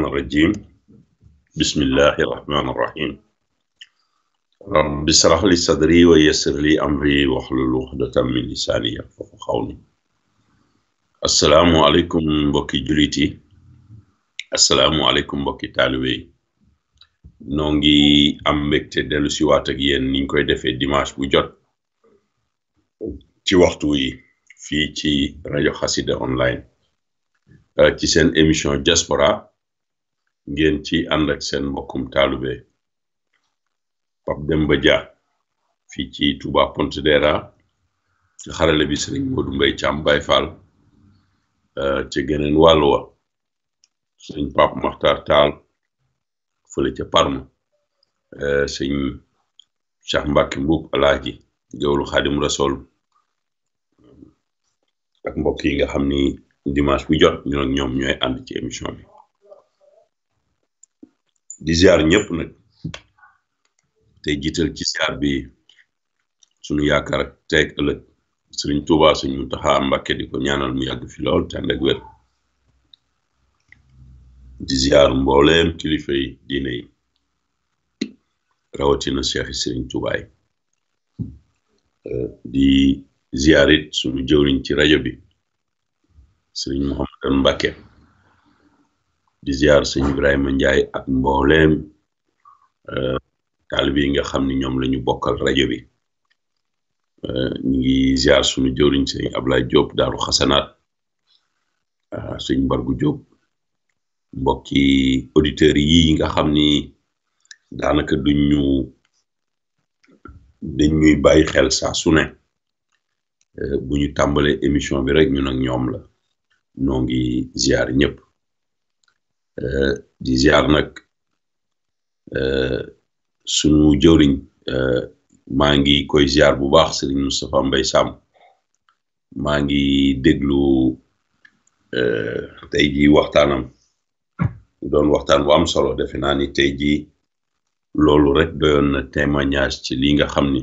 الرجيم بسم الله الرحمن الرحيم رب اشرح لي صدري ويسر لي أمري واحلل عقدة من لساني يفقه قولي السلام عليكم mbokki jullit yi asalaamu aleykum mbokki taalibe yi noo ngi am mbégte dellu si waat ak yéen niñ koy defee dimanche bu jot ci waxtu yi fii ci rajo xasida online ci seen émission diaspora ngeen ci ànd ak seen mbokkum taalube Pape Demba ja fi ci Touba Pontedera ci xarale bi serigne Modou Mbaye cham Baye Fall euh, ci geneen walu wa serigne pap Makhtar tal fele ci Parma euh, serigne Cheikh Mbacke Mbuub Alaaji Gawlu khadim rasoul ak mbokk yi nga xamni dimanche bu jot ñun ñom ñoy and ci émission bi di ziar ñëpp nag te jiital ci ziar bi sunu yaakaar teeg ëllëg sëriñ Tuubaa suñu taxa Mbàkke di ko ñaanal mu yàgg fi lool te ànd ak wér di ziar mbooleem kilifa yi diine yi rawatina Cheikh sëriñ Tuubaa euh, di ziar it suñu jëwriñ ci rajo bi sëriñ Mouhamadou di ziar sëñ njaay Ndiaye ak mbooleem euh, taalibe yi nga xam ni ñoom lañu bokkal rajo bi euh, ñu ngi ziar sunu jëwriñ sëñ Ablaye joob Daaru Xasanaat euh, sëñ Mbargu Diop mbokki auditeurs yi nga xam ni daanaka duñ ñu dañ ñuy bàyyi xel saa su ne bu ñu tàmbalee émission bi rek ñu ak ñoom la noo ngi ziar ñëpp. di ziar nag suñu jëwriñ maa ngi koy ziar bu baax Serigne Moustapha Mbaye Sam maa ngi déglu tey jii waxtaanam mu doon waxtaan bu am solo defe naa ni tey jii loolu rek doyoon na témoignage ci lii nga xam ni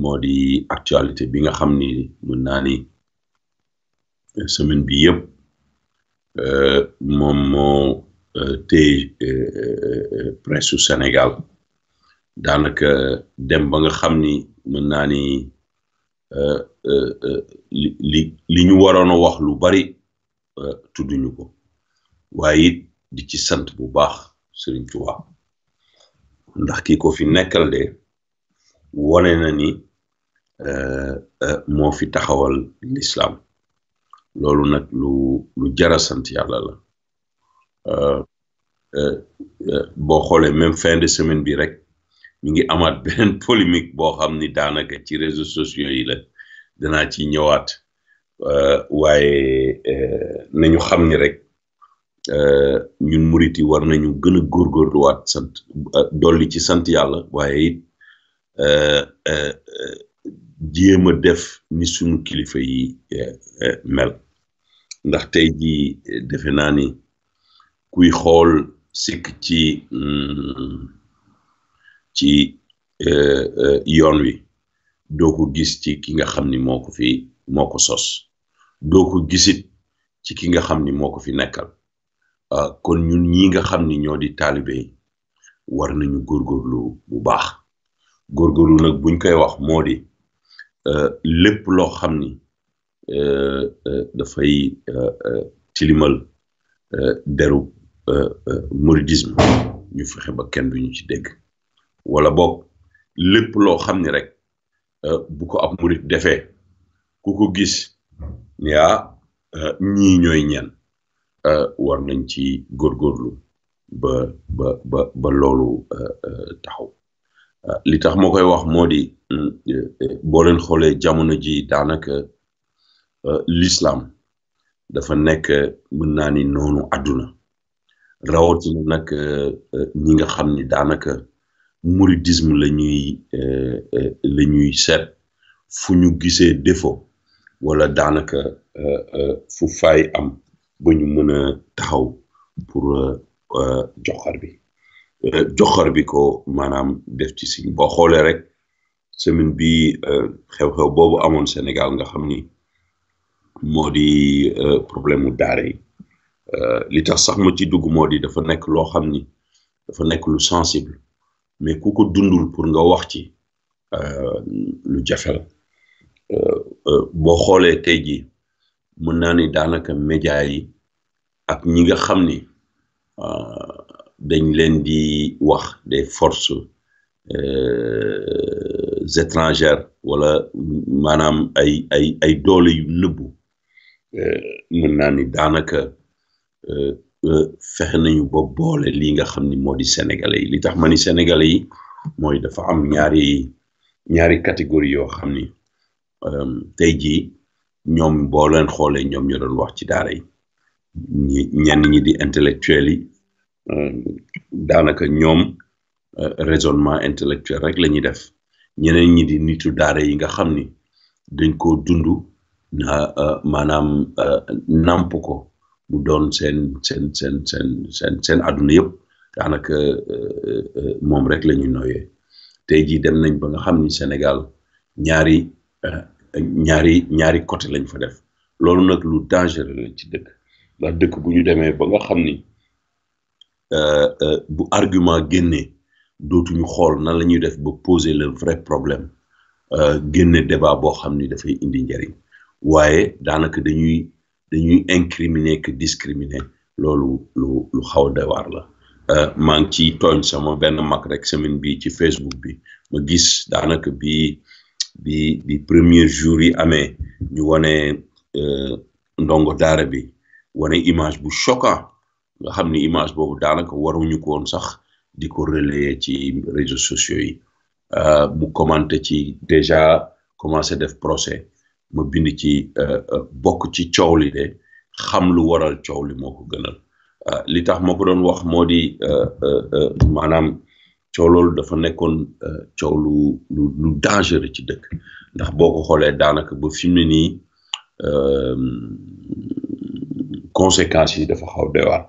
moo di actualité bi nga xam ni mën naa ni semaine bi yëpp. Euh, moom moo euh, téye euh, presse su senegal daanaka dem ba nga xam ni mën naa ni li li ñu waroon a wax lu bari tudduñu ko waaye it di ci sant bu baax Sëriñ Tuuba ndax kii ko fi nekkal de wone na ni moo fi taxawal lislaam loolu nag lu lu jara sant yàlla la euh, euh, euh, boo xoolee même fin de semaine bi rek mi ngi amaat beneen polémique boo xam ni daanaka ci réseaux sociaux yi la danaa ci ñëwaat waaye nañu xam ni rek ñun murit yi war nañu gën a góorgóorluwaat sant dolli ci sant yàlla waaye it jéem a def ni sunu kilifa yi mel ndax tey jii eh, defe naa ni kuy xool sikk ci mm, ci eh, eh, yoon wi doo ko gis ci ki nga xam ni moo ko fi moo ko sos doo ko gisit ci ki nga xam ni moo ko fi nekkal ah, kon ñu ñi nga xam ni ñoo di taalibe war nañu góorgóorlu bu baax góorgóorlu nag buñ koy wax moo di lépp loo xam ni Euh, euh, dafay euh, tilimal deru mouridisme ñu fexe ba kenn duñu ci dégg wala boog lépp loo xam ni rek bu ko ab murid defee ku ko gis yaa ah, ñii ñooy ñeen war nañ ci góorgóorlu ba ba ba ba loolu taxaw li tax moo koy wax moo di mm, boo leen xoolee jamono ji daanaka Euh, l'islam dafa nekk mën naa ni noonu àdduna rawatina nag euh, euh, ñi nga xam ni daanaka mouridisme la ñuy la ñuy seet fu ñu gisee defo wala daanaka fu fay am ba ñu mën a taxaw pour joxar bi joxar bi ko maanaam def ci siñ boo xoolee rek semaine bi xew-xew boobu amoon Sénégal nga xam ni moo di euh, problème mu daara yi euh, li tax sax ma ci dugg moo di dafa nekk loo xam ni dafa nekk lu sensible mais ku ko dundul pour nga wax ci euh, lu jafel la boo xoolee tey jii mën naa ni daanaka média yi ak ñi nga xam ni dañ leen di wax des forces étrangères wala maanaam ay ay ay doole yu nëbbu. mën naa ni daanaka euh, euh, fexe nañu bo boole lii nga xam ni moo di sénégalais yi li tax ma ni sénégalais yi mooy dafa am ñaari ñaari catégorie yoo xam ni euh, tey jii ñoom boo leen xoolee ñoom ñoo doon wax ci daara yi ñi ñenn ñi di intellectuel yi daanaka ñoom raisonnement intellectuel rek la ñuy def ñeneen ñi di nitu daara yi nga xam ni dañ ko dund Eh, maanaam eh, namp ko mu doon seen seen seen seen seen seen àdduna yëpp daanaka eh, moom rek la ñuy nooyee tey jii dem nañ ba nga xam ni Sénégal ñaari ñaari ñaari côté lañ fa def loolu nag lu dangereux ci dëkk ndax dëkk bu ñu demee ba nga xam ni bu argument génnee dootuñu xool nan la ñuy def ba poser le vrai problème génne débat boo xam ni dafay indi njariñ waaye daanaka dañuy dañuy incriminer que discriminer loolu lu lu xaw a doy waar la euh, maa ngi ciy tooñ sama benn mag rek semaine bi ci Facebook bi ma gis daanaka bi bi bi premier jour yi amee ñu wane euh, ndongo daara bi wane image bu choquant nga xam ni image boobu daanaka waruñu ko woon sax di ko ci réseaux sociaux yi euh, mu commenté ci déjà commencé def procès ma bind ci euh, euh, bokk ci coow li de xam lu waral coow li moo ko gënal euh, li tax ma ko doon wax moo di maanaam coow loolu dafa nekkoon coow lu lu lu dangereux ci dëkk ndax boo ko xoolee daanaka ba fi mu ne nii conséquences yi dafa xaw dewaat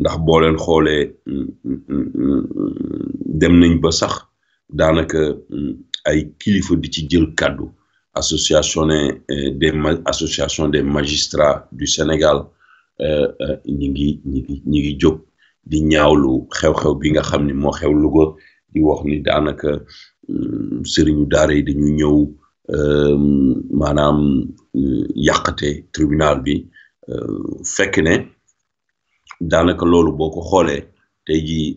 ndax boo leen xoolee mm, mm, mm, dem nañ ba sax daanaka ay kilifa di ci jël kàddu association eh, des association des magistrats du Sénégal eh, eh, ñi ngi ñi ngi ñi ngi jóg di ñaawlu xew-xew bi nga xam ni moo xew Louga di wax ni daanaka mm, sëriñu daara yi ñu ñëw maanaam yàqate tribunal bi fekk ne daanaka loolu boo ko xoolee tey jii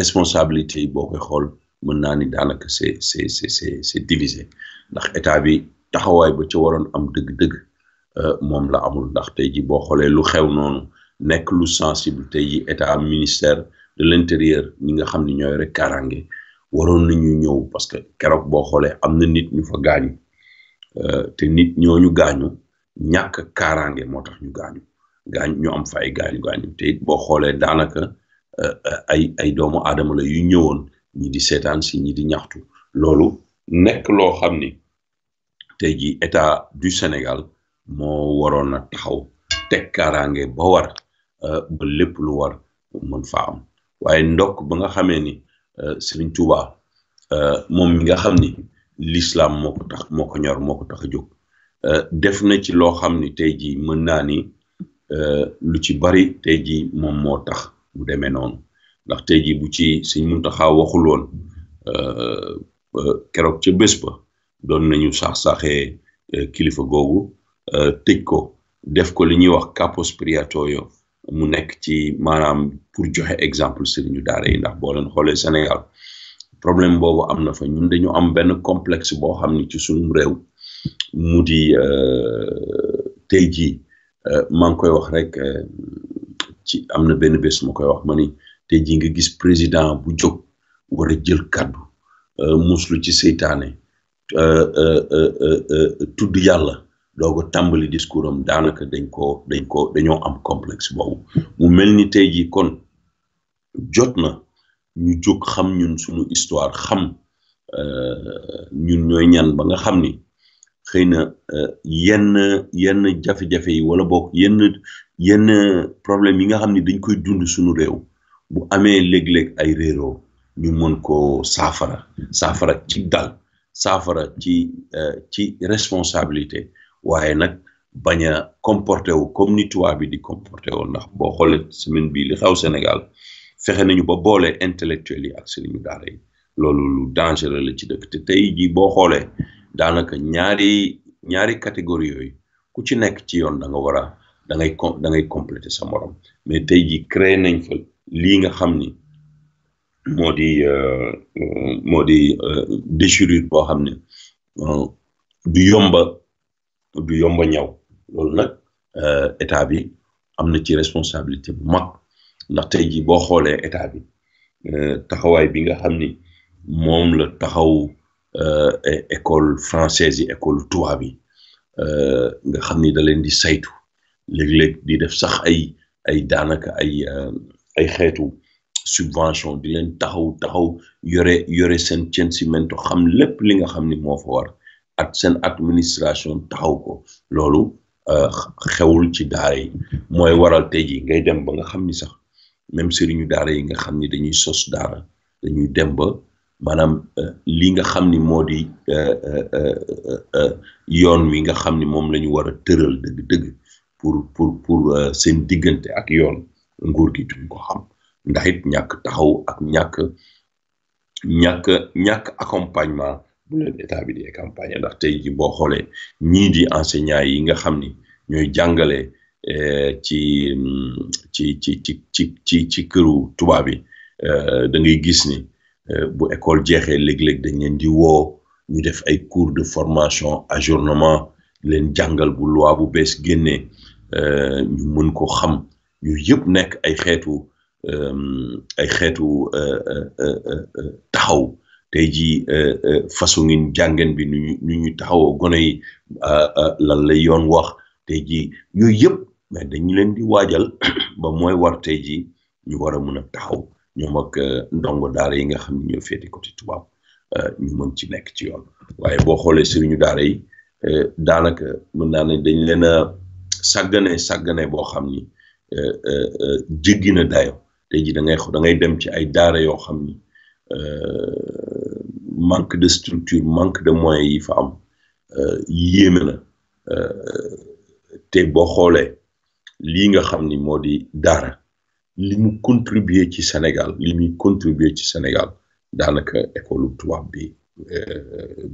responsabilité yi boo koy xool mën naa ni daanaka c'est c'est c'est c'est divisé ndax état bi taxawaay ba ci waroon am dëgg-dëgg euh, moom la amul ndax tey ji boo xoolee lu xew noonu nekk lu sensible tey ji état ministère de l'intérieur ñi nga xam ni ñooy rek kaaraange waroon ñu ñëw parce que keroog boo xoolee am na nit ñu fa gaañu euh, te nit ñooñu gaañu ñàkk kaaraange moo tax ñu gaañu gaañ ñu am fa ay gaañu gaañu te it boo xoolee daanaka euh, ay ay doomu aadama la yu ñëwoon ñi di seetaan si ñi di ñaxtu loolu Nek lo xamni tay ji état du Sénégal mo warona taxaw tek kaaraange ba war euh, ba lepp lu war mën fa am waye ndok ba nga xamé ni euh, Serigne Touba euh, moom mi nga xamni l'islam moko tax moko ñor moko tax juk def na ci lo xamni tay ji mën na ni lu ci bari tay ji mom mo tax bu démé non ndax tay ji bu ci Serigne Mountakha waxul woon keroog ca bés ba doon nañu sax-saxee euh, kilifa googu euh, tëj ko def ko li ñuy wax capos priatorio mu nekk ci maanaam pour joxe exemple sëriñu daara yi ndax boo leen xoolee Sénégal problème boobu am na fa ñun dañu am benn complexe boo xam ni ci sunum réew mu di euh, tey jii maa ngi koy wax rek ci am na benn bés ma koy wax ma ni tey jii nga gis président bu jóg war jël kàddu Euh, muslu ci seytaane euh, euh, tudd yàlla dooga tàmbali discours am daanaka dañ ko dañ ko dañoo am complexe boobu mu mel ni tey jii kon jot na ñu jóg xam ñun suñu histoire xam ñun ñooy ñan ba nga xam ni xëy na yenn yenn jafe-jafe yi wala bokk yenn yenn problème yi nga xam ni dañ koy dund suñu réew bu amee léeg-léeg ay réeroo ñu mën koo saafara saafara ci dal saafara ci euh, ci responsabilité waaye nag bañ a comporté wu comme ni tubaab bi di comporté wu ndax boo xoolee semaine bii li xaw Sénégal fexe nañu ba boole intellectuel yi ak sëriñu daara yi loolu lu dangereux la ci dëkk te tey jii boo xoolee daanaka ñaari ñaari catégorie yooyu ku ci nekk ci yoon da nga war a da ngay da ngay complété sa morom mais tey jii créé nañ fa lii nga xam ni. moo di moo di déchirure boo xam ne du yomba du yomba ñaw loolu nag état bi am na ci école française yi école tubaab yi nga xam ni da leen di saytu léeg-léeg di def sax ay ay daanaka ay ay xeetu. subvention di leen taxaw taxaw yore yore seen cen si xam lépp li nga xam ni moo fa war ak seen administration taxaw ko loolu euh, xewul ci daara yi mooy waral tey jii ngay dem ba nga xam ni sax même sëriñu daara yi nga xam ni dañuy sos daara dañuy dem ba maanaam euh, li nga xam ni moo di euh, yoon wi nga xam ni moom la ñu war a tëral dëgg-dëgg pour pour pour seen diggante ak yoon nguur gi duñ ko xam ndax it ñàkk taxaw ak ñàkk ñàkk ñàkk accompagnement bu leen état bi di campagne ndax tey ji boo xoolee ñii di enseignants yi nga xam ni ñooy jàngale eh, ci ci ci ci ci ci ci këru tubaab bi eh, da ngay gis ni eh, bu école jeexee léeg-léeg dañ leen di woo ñu def ay cours de formation ajournement leen jàngal bu loi bu bees génnee ñu mën ko xam yooyu yëpp nekk ay xeetu Ehm, ay xeetu eh, eh, eh, taxaw tey jii façon ngin jàngeen bi nu ñu nu ñu taxawoo gone yi ah, ah, lan lay yoon wax tey jii yooyu yëpp mais dañu leen di waajal ba mooy war tey jii ñu war a mun a taxaw ñoom ak ndongo daara yi nga xam ne ñoo féete côté tubaab ñu mën ci nekk ci yoon waaye boo xoolee sëriñu daara yi daanaka mën naa ne dañ leen a sàggane sàggane boo xam ni jéggi na dayo tey jii da ngay da ngay dem ci ay daara yoo xam ni euh, manque de structure manque de moyens yi fa am euh, yéeme na euh, te boo xoolee lii nga xam ni moo di daara li mu contribuer ci Sénégal li muy contribuer ci Sénégal daanaka école tubaab bi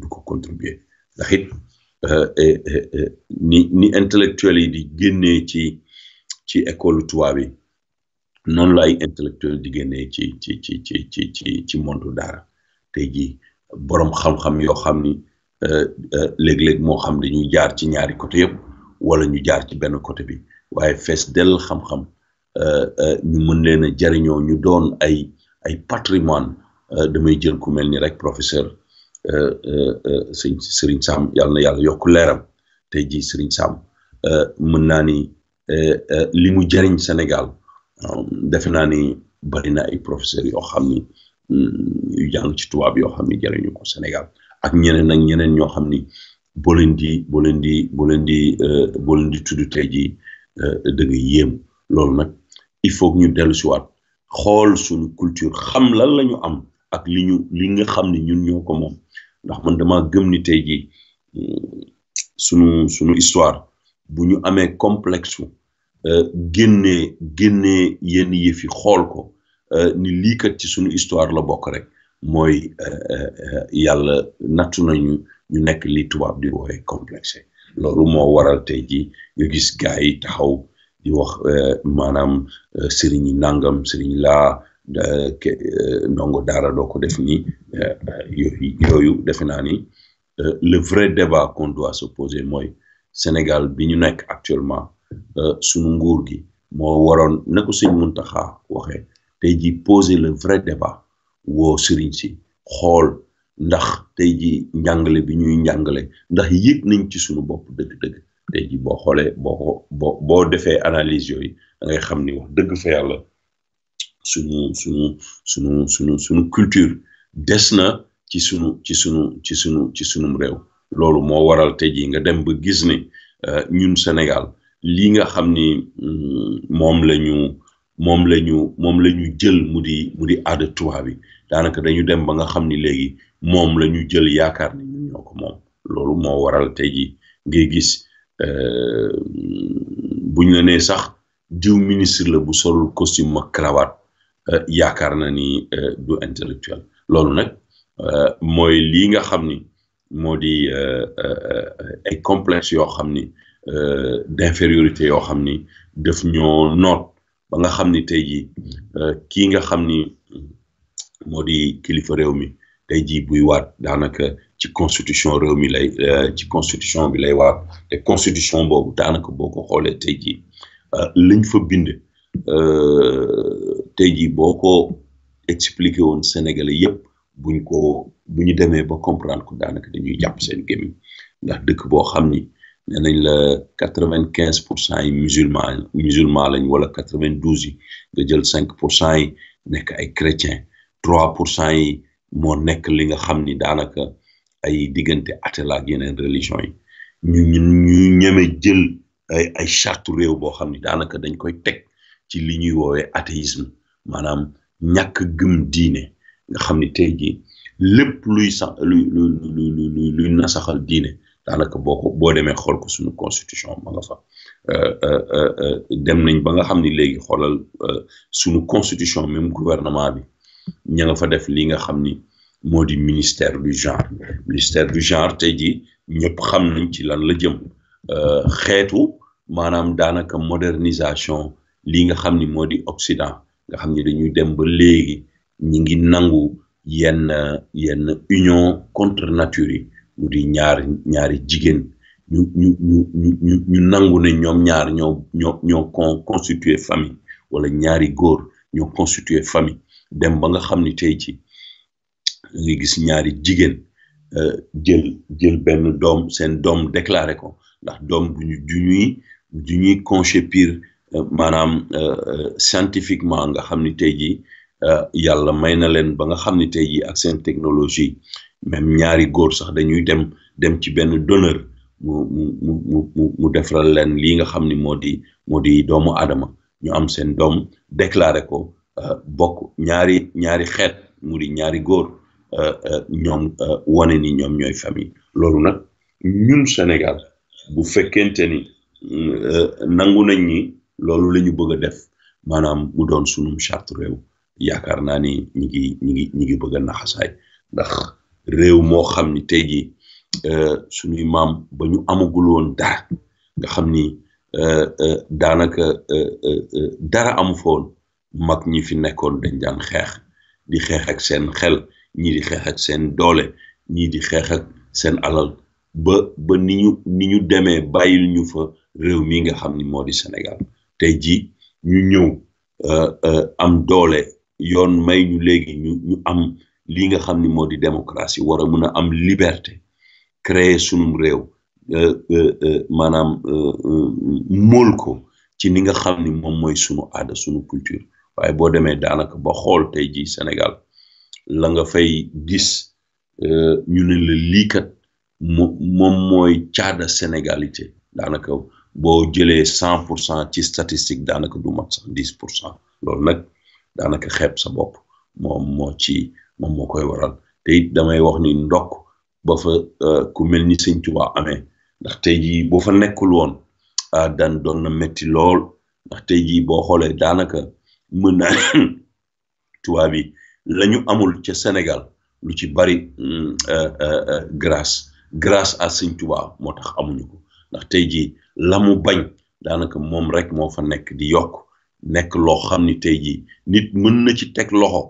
du ko contribuer ndax it ni ni yi di génnee ci ci école tubaab yi. noonu la ay intellectuel di génnee ci ci ci ci ci ci ci montu daara tey jii borom xam-xam yoo xam ni euh, euh, léeg-léeg moo xam dañuy jaar ci ñaari côté yëpp wala ñu jaar ci benn côté bi waaye fees dell xam-xam euh, ñu mën leen a jariñoo ñu doon ay ay patrimoine damay jël ku mel ni rek professeur sëñ sëriñ Sam yàlla na yàlla yokk leeram tey jii sëriñ Sam mën naa ni li mu jariñ Sénégal Um, defe naa ni bari na ay professeurs yoo xam ni mm, yu jàng ci tubaab yoo xam ni jëriñu ko Sénégal ak ñeneen nag ñeneen ñoo xam ni boo leen di boo leen di boo leen di euh, boo leen tudd tey jii euh, da nga yéem loolu nag il faut ñu dellu si xool suñu culture xam lan la ñu am ak li ñu li nga xam ni ñun ñoo ko moom ndax man dama gëm ni tey jii mm, sunu sunu histoire bu ñu amee complexe Euh, génnee génnee yenn yëf yi xool ko euh, ni lii kat ci suñu histoire la bokk rek mooy euh, yàlla nattu nañu ñu nekk li tubaab di wooye complexé loolu moo waral tey ji nga gis gars yi taxaw di wax maanaam sëriñ yi nangam sëriñ laa ndongo daara doo ko def nii yooyu yooyu naa ni le vrai débat qu'on doit se poser mooy Sénégal bi ñu nekk actuellement Euh, sunu nguur gi moo waroon na ko mun Muntaxa waxee tey ji poser le vrai débat woo sëriñ si xool ndax tey ji njàngale bi ñuy njàngale ndax yëg nañ ci sunu bopp dëgg-dëgg tey ji boo xoolee boo boo defee analyse yooyu da ngay xam ni wax dëgg fa yàlla sunu sunu sunu sunu sunu culture des na ci sunu ci sunu ci sunu ci sunum réew loolu moo waral te ji nga dem ba gis ni euh, ñun Sénégal lii nga xam ni mm, moom la ñu moom la ñu moom la ñu jël mu di mu di aada tubaab daanaka dañu dem ba nga xam ni léegi moom la ñu jël yaakaar ni ñun moom loolu moo waral tey ji ngay gis euh, buñ la nee sax diw ministre la bu sol costume ak cravate euh, yaakaar na ni euh, du intellectuel loolu nag mooy lii nga xam ni moo di ay complexe yoo xam ni Euh, d'infériorité yoo xam ni daf ñoo noot ba nga xam ni tey jii euh, kii nga xam ni moo di kilifa réew mi tey jii buy waat daanaka ci constitution réew mi lay euh, ci constitution bi lay waat te constitution boobu daanaka boo ko xoolee tey jii lañ fa bind tey jii boo ko expliqué woon Sénégalais yëpp buñ ko bu ñu demee ba comprendre ko daanaka dañuy jàpp seen gémmiñ ndax dëkk boo xam ni. nee la quatre vingt quinze pour cent yi musulman musulman lañ wala quatre vingt douze yi nga jël cinq pour cent yi nekk ay chrétien trois pour cent yi moo nekk li nga xam ni daanaka ay diggante atela ak yeneen religion yi ñu ñu ñeme jël ay ay réew boo xam ni daanaka dañ koy teg ci li ñuy woowee athéisme maanaam ñàkk gëm diine nga xam ni te jii lépp luy sax luy luy luy luy nasaxal diine daanaka boo ko boo demee xool ko suñu constitution ma nga fa euh, euh, euh, dem nañ ba nga xam ni léegi xoolal suñu constitution même gouvernement bi ña fa def li nga xam ni moo di ministère du genre ministère du genre tey jii ñëpp xam nañ ci lan la jëm xeetu maanaam daanaka modernisation li nga xam ni moo di Occident nga xam ni dañuy dem ba léegi ñi ngi nangu yenn yenn union contre nature yi mu ñaar ñaari jigéen ñu ñu ñu nangu ne ñoom ñaar ñoo ñoo ñoo con constitué famille wala ñaari góor ñoo constitué famille dem ba nga xam ni tey ci nga gis ñaari jigéen euh, jël jël benn doom seen doom déclaré ko ndax doom du ñu du ñuy du ñuy conchépir euh, maanaam euh, scientifiquement nga xam ni tey jii yàlla may na leen ba nga xam ni tey jii ak seen technologie même ñaari góor sax dañuy dem dem ci benn donneur mu mu mu mu mu defaral leen lii nga xam ni moo di moo di doomu aadama ñu am seen doom déclaré ko euh, bokk ñaari ñaari xeet mu di ñaari góor euh, euh, ñoom wane ni ñoom ñooy famille loolu nag ñun Sénégal bu fekkente ni nangu nañ ñi loolu lañu ñu bëgg a def maanaam mu doon sunum charte réew yaakaar naa ni ñi ngi ñi ngi ñi ngi bëgg a naxasaay ndax réew moo xam ni tey jii euh, suñuy maam ba ñu amagul woon dara nga xam ni euh, euh, daanaka dara amu foon mag ñi fi nekkoon dañ daan xeex di xeex ak seen xel ñii di xeex ak seen doole ñii di xeex ak seen alal ba ba ni ñu ni ñu demee bàyyil ñu fa réew mi nga xam ni moo di Sénégal tey jii ñu ñëw am doole yoon may ñu léegi ñu am. lii nga xam ni moo di démocratie war a mun a am liberté créer sunum réew euh, euh, euh, maanaam mool ko ci ni nga xam ni moom mooy sunu aada sunu culture waaye boo demee daanaka ba xool tey jii Sénégal la nga fay gis ñu ne la lii kat moom mooy caada sénégalité daanaka boo jëlee cent pour cent ci statistique daanaka du mat sax dix pour cent loolu nag daanaka xep sa bopp moom moo ci. moom moo koy waral te it damay wax ni ndokk ba fa euh, ku mel ni sëñ Tuubaa amee ndax tey jii boo fa nekkul woon ah, dan doon na métti lool ndax tey jii boo xoolee daanaka mën na tubaab yi la ñu amul ca Sénégal lu ci bari mm, euh, euh, grâce grâce a sëñ Tuubaa moo tax amuñu ndax tey jii la mu bañ daanaka moom rek moo fa nekk di yokk nekk loo xam ni tey jii nit mën na ci teg loxo.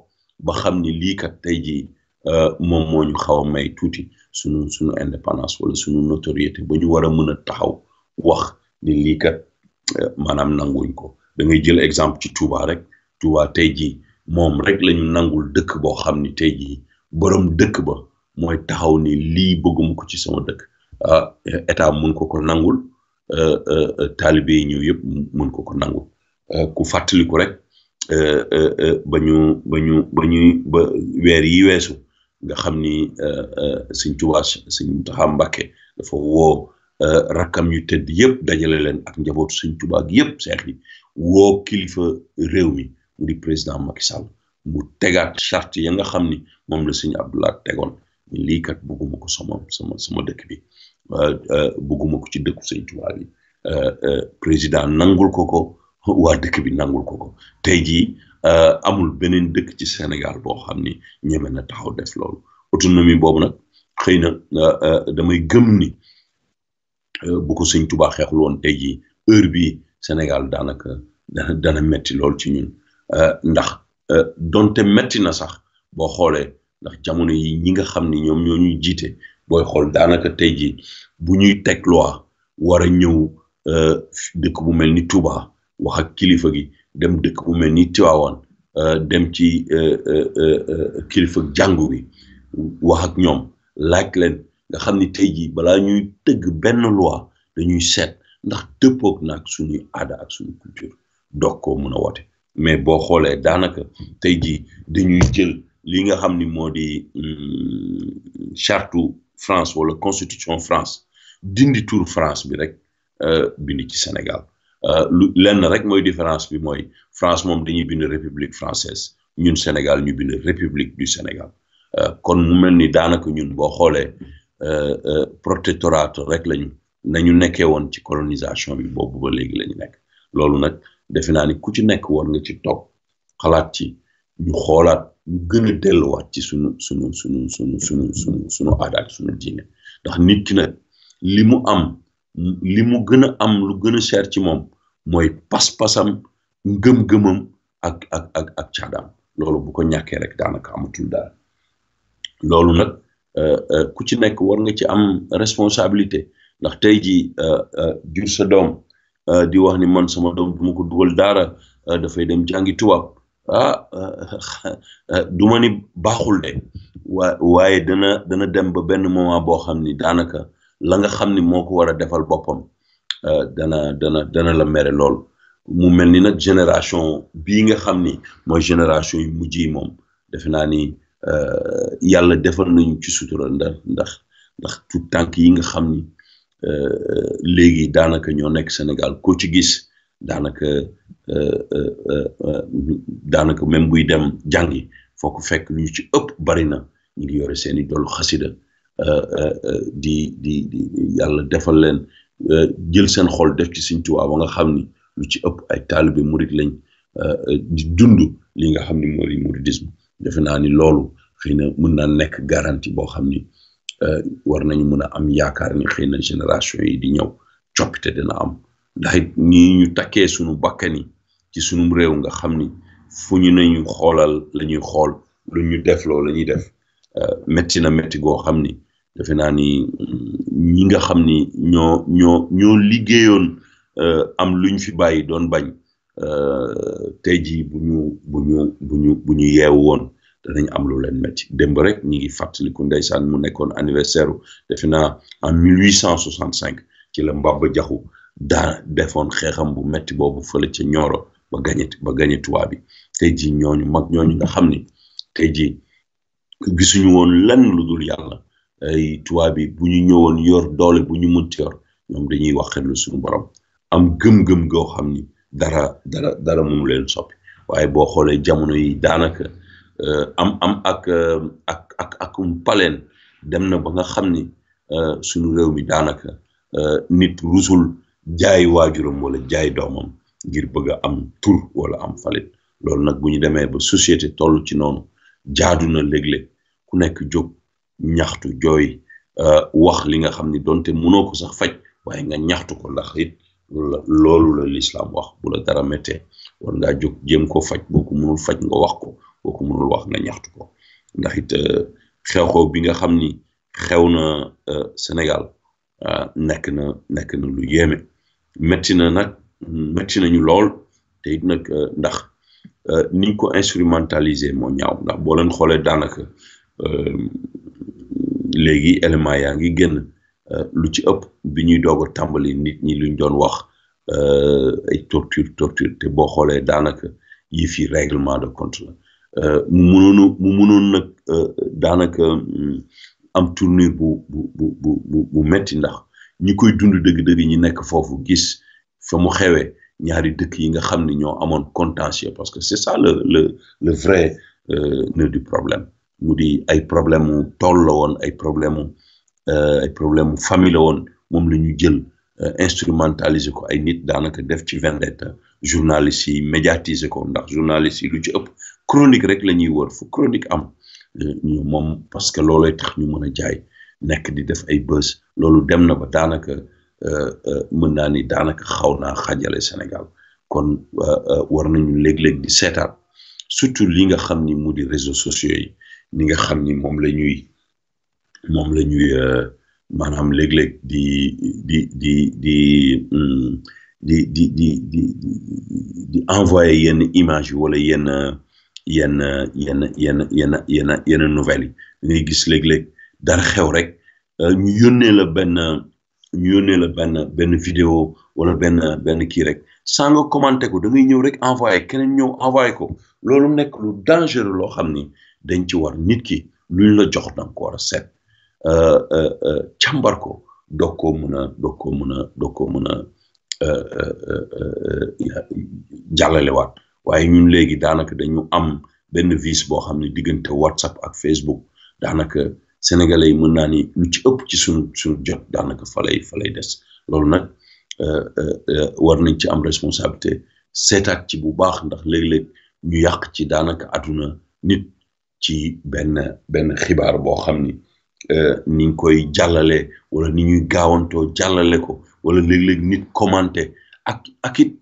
ba xam ni lii kat tey jii euh, moom moo ñu xaw a may tuuti sunu sunu indépendance wala sunu notoriété ba ñu war a mën a taxaw wax ni lii kat euh, maanaam nanguñ ko da ngay jël exemple ci Touba rek Touba tey jii moom rek lañu nangul dëkk boo xam ni tey jii borom dëkk ba mooy taxaw ni lii bëgguma ko ci sama dëkk ah état mun ko ko nangul euh, taalibe yi ñëw yëpp mun ko ko nangul ku fàttaliku rek. Euh, euh, euh, ba ñu ba ñu ba weer yi weesu nga xam ni Sëñ Tuubaa Sëñ dafa woo rakkam ñu tedd yëpp dajale leen ak njaboot Sëñ Tuubaa yëpp seex yi woo kilifa réew mi mu di président Macky Sall mu tegaat charte ya nga xam ni moom la Sëñ Abdou Lahad tegoon lii kat bugguma ko sama sama dëkk bi bugguma ko ci dëkku Sëñ Tuubaa bi président nangul ko ko waa dëkk bi nangul ko ko tey jii euh, amul beneen dëkk ci Sénégal boo xam ni ñeme na taxaw des loolu autonomie boobu nag xëy na euh, euh, damay gëm ni bu ko sëñ Tuubaa xeexul woon tey jii heure bi Sénégal daanaka dana dana metti lool ci ñun ndax donte metti na sax boo xoolee ndax jamono yi ñi nga xam ni ñoom ñoo ñuy jiite booy xool daanaka tey jii bu ñuy teg loi war a ñëw dëkk bu mel ni tubaa wax ak kilifa gi dem dëkk bu mel ni Tiwaawan euh, dem ci euh, euh, kilifa jàngu bi wax ak ñoom laaj leen nga xam ni tey jii balaa ñuy tëgg benn loi dañuy seet ndax dëppoog naag suñuy aada ak suñu culture doog koo mën a woote mais boo xoolee daanaka tey jii dañuy jël li nga xam ni moo di hmm, charte France wala constitution France dindi tur France bi rek bind ci Sénégal. Euh, lenn rek mooy différence bi mooy France moom dañuy bind république française ñun Sénégal ñu bind république du Sénégal euh, kon mu mel ni daanaka ñun boo xoolee euh, protectorat rek lañu nañu nekkee woon ci colonisation bi boobu ba léegi la nekk loolu nag defe naa ni ku ci nekk woon nga ci toog xalaat ci ñu xoolaat ñu gën delluwaat ci sunu sunu sunu sunu sunu sunu sunu aada ak ndax nit ki nag li mu am. li mu gën a am lu gën a cher ci moom mooy pas-pasam ngëm-ngëmam ak ak ak ak loolu bu ko ñàkkee rek daanaka amatul daal loolu nag euh, euh, ku ci nekk war nga ci am responsabilité ndax tey jii euh, jur sa doom di wax ni man sama doom duma ko dugal daara dafay dem jàngi tubaab ah du ma ni baaxul de waaye dana dana dem ba benn moment boo xam ni daanaka la nga xam ni moo ko war a defal boppam euh, dana dana dana la mere lool mu mel ni nag génération bii nga xam ni mooy génération yu mujj yi moom defe naa ni euh, yàlla defal nañu ci sutura ndax ndax ndax tout tànk yi nga xam ni euh, léegi daanaka ñoo nekk Sénégal koo ci gis daanaka daanaka même buy dem jàngi foo ko fekk ñu ci ëpp bari na ñu ngi yore seeni dolu xasida Euh, euh, euh, di di di yàlla defal leen jël seen xol def ci Sëñ Tuubaa ba nga xam ni lu ci ëpp ay taalibe murit lañ di dund li nga xam ni mooy muridisme defe naa ni loolu xëy na mën naa nekk garantie boo xam ni war nañu mun a am yaakaar ni xëy na génération yi di ñëw coppite dina am ndax it ñu takkee sunu bakkan yi ci sunum réew nga xam ni fu ñu nañu xoolal la ñuy xool lu ñu def loolu la ñuy def Euh, métti na métti goo xam ni defe naa ni mm, ñi nga xam ni ñoo ñoo ñoo liggéeyoon euh, am luñ fi bàyyi doon bañ euh, tey jii bu ñu bu ñu bu ñu ñu woon danañ am lu leen métti demb rek ñi ngi fàttaliku ndeysaan mu nekkoon anniversaire defe naa en 1865 ci la Mbaba Jaxu da defoon xeexam bu metti boobu fële ca Nioro ba gañe ba gañe tubaab bi tey jii ñooñu mag ñooñu nga xam ni tey jii. gisuñu woon lenn lu dul yàlla ay tubaab bi bu ñu ñëwoon yor doole bu ñu mënti yor ñoom dañuy waxetlu suñu borom am gëm-gëm goo xam ni dara dara dara mënu leen soppi waaye boo xoolee jamono yi daanaka euh, am am ak euh, ak ak akum paleen dem na ba nga xam ni euh, suñu réew mi daanaka nit rusul jaay waajuram wala jaay doomam ngir bëgg a am tur wala am falit loolu nag bu ñu demee ba société toll ci noonu jaadu na léeg-léeg ku nekk jóg ñaxtu jooy euh, wax li nga xam ni donte mënoo ko sax faj waaye nga ñaxtu ko ndax it loolu la lislaam wax bu la dara méttee war ngaa jóg jéem ko faj boo ko faj nga wax ko boo ko mënul wax nga ñaxtu ko ndax it euh, xew-xew bi nga xam ni xew na euh, Sénégal nekk na nekk na lu yéeme métti na nag métti nañu lool te it nag ndax niñ ko instrumentaliser moo ñaaw ndax boo leen xoolee daanaka Euh, légui élément yaa ngi génn euh, lu ci ëpp bi ñuy doog a tàmbali nit ñi luñ doon wax euh, ay torture torture te boo xoolee daanaka yi fi règlement de compte la mu mënoonu mu mënoon nag daanaka mm, am tournure bu bu bu bu bu metti ndax ñi koy dund dëgg-dëgg ñi nekk foofu gis fa mu xewee ñaari dëkk yi nga xam ne ñoo amoon contentieux parce que c'est ça le le le vrai nœud du problème mu di ay problème mu tool la woon ay problème mu euh, problème mu famille la woon moom la ñu jël euh, instrumentaliser ko ay nit daanaka def ci vendetta journalistes yi médiatiser ko ndax journalistes yi lu ci ëpp chronique rek la ñuy wër fu chronique am euh, ñu moom parce que looloy tax ñu mën a jaay nekk di def ay bës loolu dem na ba daanaka mën naa ni daanaka xaw naa xajale Sénégal kon war nañu léeg-léeg di seetaat surtout li nga xam ni mu di réseaux sociaux yi ni nga xam ni moom la ñuy moom la ñuy euh, maanaam léeg-léeg di di di di hmm, di di di di di envoyé yenn image yi wala yenn yenn yenn yenn yenn yenn yenn nouvelles yi ngay gis léeg-léeg dara xew rek euh, ñu yónnee la benn ñu yónnee la benn benn vidéo wala benn benn kii rek saa nga commenté ko da ngay ñëw rek envoyé keneen ñëw envoyé ko loolu nekk lu dangereux loo xam ni dañ ci war nit ki lu luñ la jox danga ko war a seet euh, euh, euh, càmbar ko doo ko mën a doo ko mën a doo ko mën a jàllalewaat waaye ñun léegi daanaka dañu am benn vice boo xam ne diggante WhatsApp ak Facebook daanaka sénégalais yi mën naa ni lu ci ëpp ci suñu suñu jot daanaka fa lay des loolu nag war nañ ci am responsabilité seetaat ci bu baax ndax léeg-léeg ñu yàq ci daanaka àdduna nit ci benn benn xibaar boo xam ni euh, ni ñu koy jàllale wala ni ñuy gaawantoo jàllale ko wala léeg-léeg nit commenté ak ak it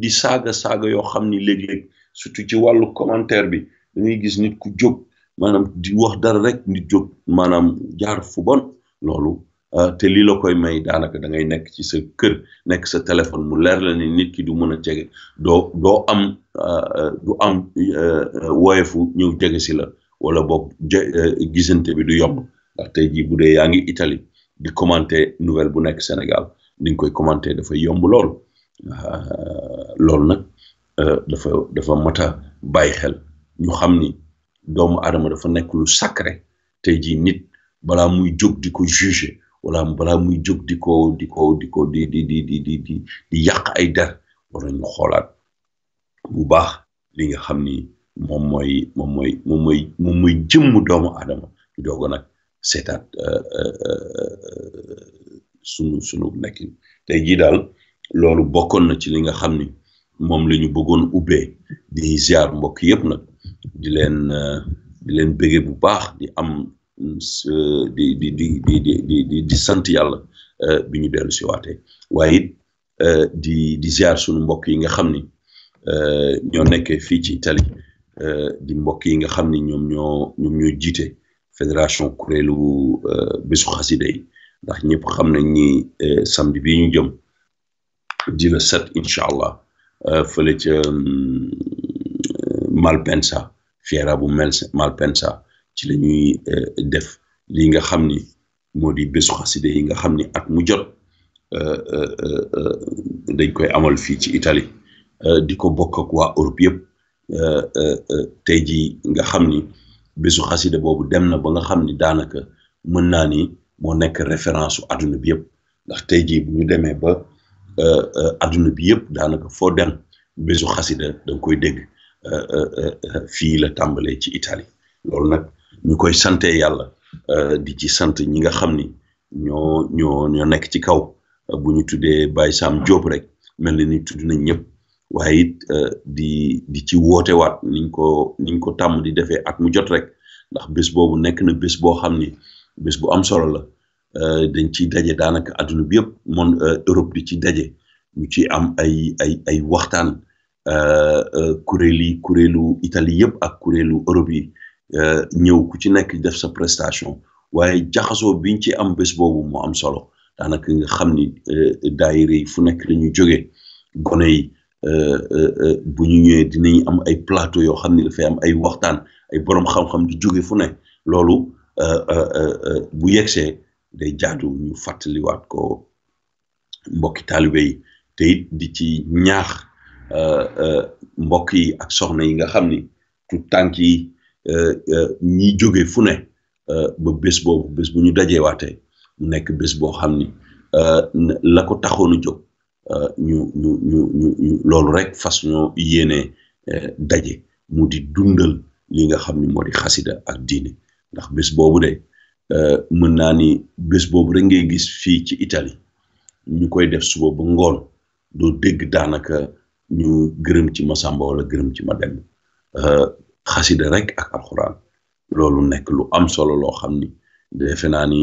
di saaga saaga yoo xam ni léeg-léeg surtout ci wàllu commentaire bi da gis nit ku jóg maanaam di wax dara rek nit jóg maanaam jaar fu bon loolu Euh, te lii la koy may daanaka da ngay nekk ci sa kër nekk sa téléphone mu leer la ni nit ki du mën a jege doo doo am euh, euh, du am woyefu ñëw jege si la wala boog gisante bi du yomb ndax tey jii bu dee yaa ngi Italie di commenter nouvelle bu nekk senegal di koy commenter dafa yomb lool loolu nag dafa dafa mat a bàyyi xel ñu xam ni doomu aadama dafa nekk lu sacré tey jii nit balaa muy jóg di ko juger wala balaa muy jóg di ko di ko di di di di di di di di yàq ay der war nañu xoolaat bu baax li nga xam ni moom mooy moom mooy moom mooy moom mooy jëmm doomu aadama ñu doog a nag seetaat euh, euh, sunu sunu nekkin tey jii daal loolu bokkoon na ci li nga xam ni moom lañu bëggoon ubbee di ziar mbokk yépp nag di leen euh, di leen bége bu baax di di di di di sant yàlla euh, bi ñu dellu si waatee waaye it euh, di di ziar suñu mbokk yi nga xam ni euh, ñoo nekkee fii ci Italie di mbokk yi nga xam ni ñoom ñoo ñoom ñoo jiite fédération kuréelu bésu xasida ndax ñëpp xam nañ ni samedi bii ñu jëm di la set incha allah fële ca Malpensa fiera bu Malpensa. ci la ñuy def li nga xamni modi bésu xaside yi nga xamni at mu jot dañ koy amal fi ci Italie di ko bokk ak waa Europe euh tey jii nga xam bésu xaside boobu dem na ba nga xam ni mën naa ni moo nekk référence su adduna bi yëpp ndax tey jii bu ñu demee ba adduna bi yëpp daanaka foo dem bésu xasida da nga euh euh fii la tàmbalee ci Italie loolu nag. ñu koy sante yàlla euh, di ci sant ñi nga xam ni ñoo ño ñoo nekk ci kaw euh, bu ñu tuddee Baye Sam Diop rek mel na ni tudd nañ ñëpp waaye it euh, di di ci wootewaat niñ ko niñ ko tàmm di defee ak mu jot rek ndax bés boobu nekk na bés boo xam ni bés bu am solo la dañ ciy daje daanaka adduna bi yëpp moon Europe di ci daje ñu ci am ay ay ay waxtaan kuréel yi kuréelu Italie yëpp ak kuréelu Europe yi Euh, ñëw ku ci nekk def sa prestation waaye jaxasoo biñ ci am bés boobu moo am solo daanaka nga xam ni euh, daayira yi fu nekk la ñu jógee gone yi euh, bu ñu ñëwee dinañ am ay plateau yoo xam ni dafay am ay waxtaan ay borom xam-xam di jóge fu ne loolu bu yegsee day jaadu ñu fàttaliwaat ko mbokki taalibe yi te di ci ñaax mbokk yi ak soxna yi nga xam ni tout tànk Euh, euh, ñi jóge fu ne euh, ba bés boobu bés bu ñu dajeewaatee mu nekk bés boo xam ni la ko taxoon a jóg ñu ñu ñu ñu loolu rek fas ñoo yéenee daje mu di dundal ñi nga xam ni moo di xasida ak diine ndax bés boobu de mën naa ni bés boobu rek ngay gis fii ci itali ñu koy def suba ba ngoon doo dégg daanaka ñu gërëm ci Masamba wala gërëm ci Mademba xasida rek ak alxuraan loolu nekk lu am solo loo xam ni defe naa ni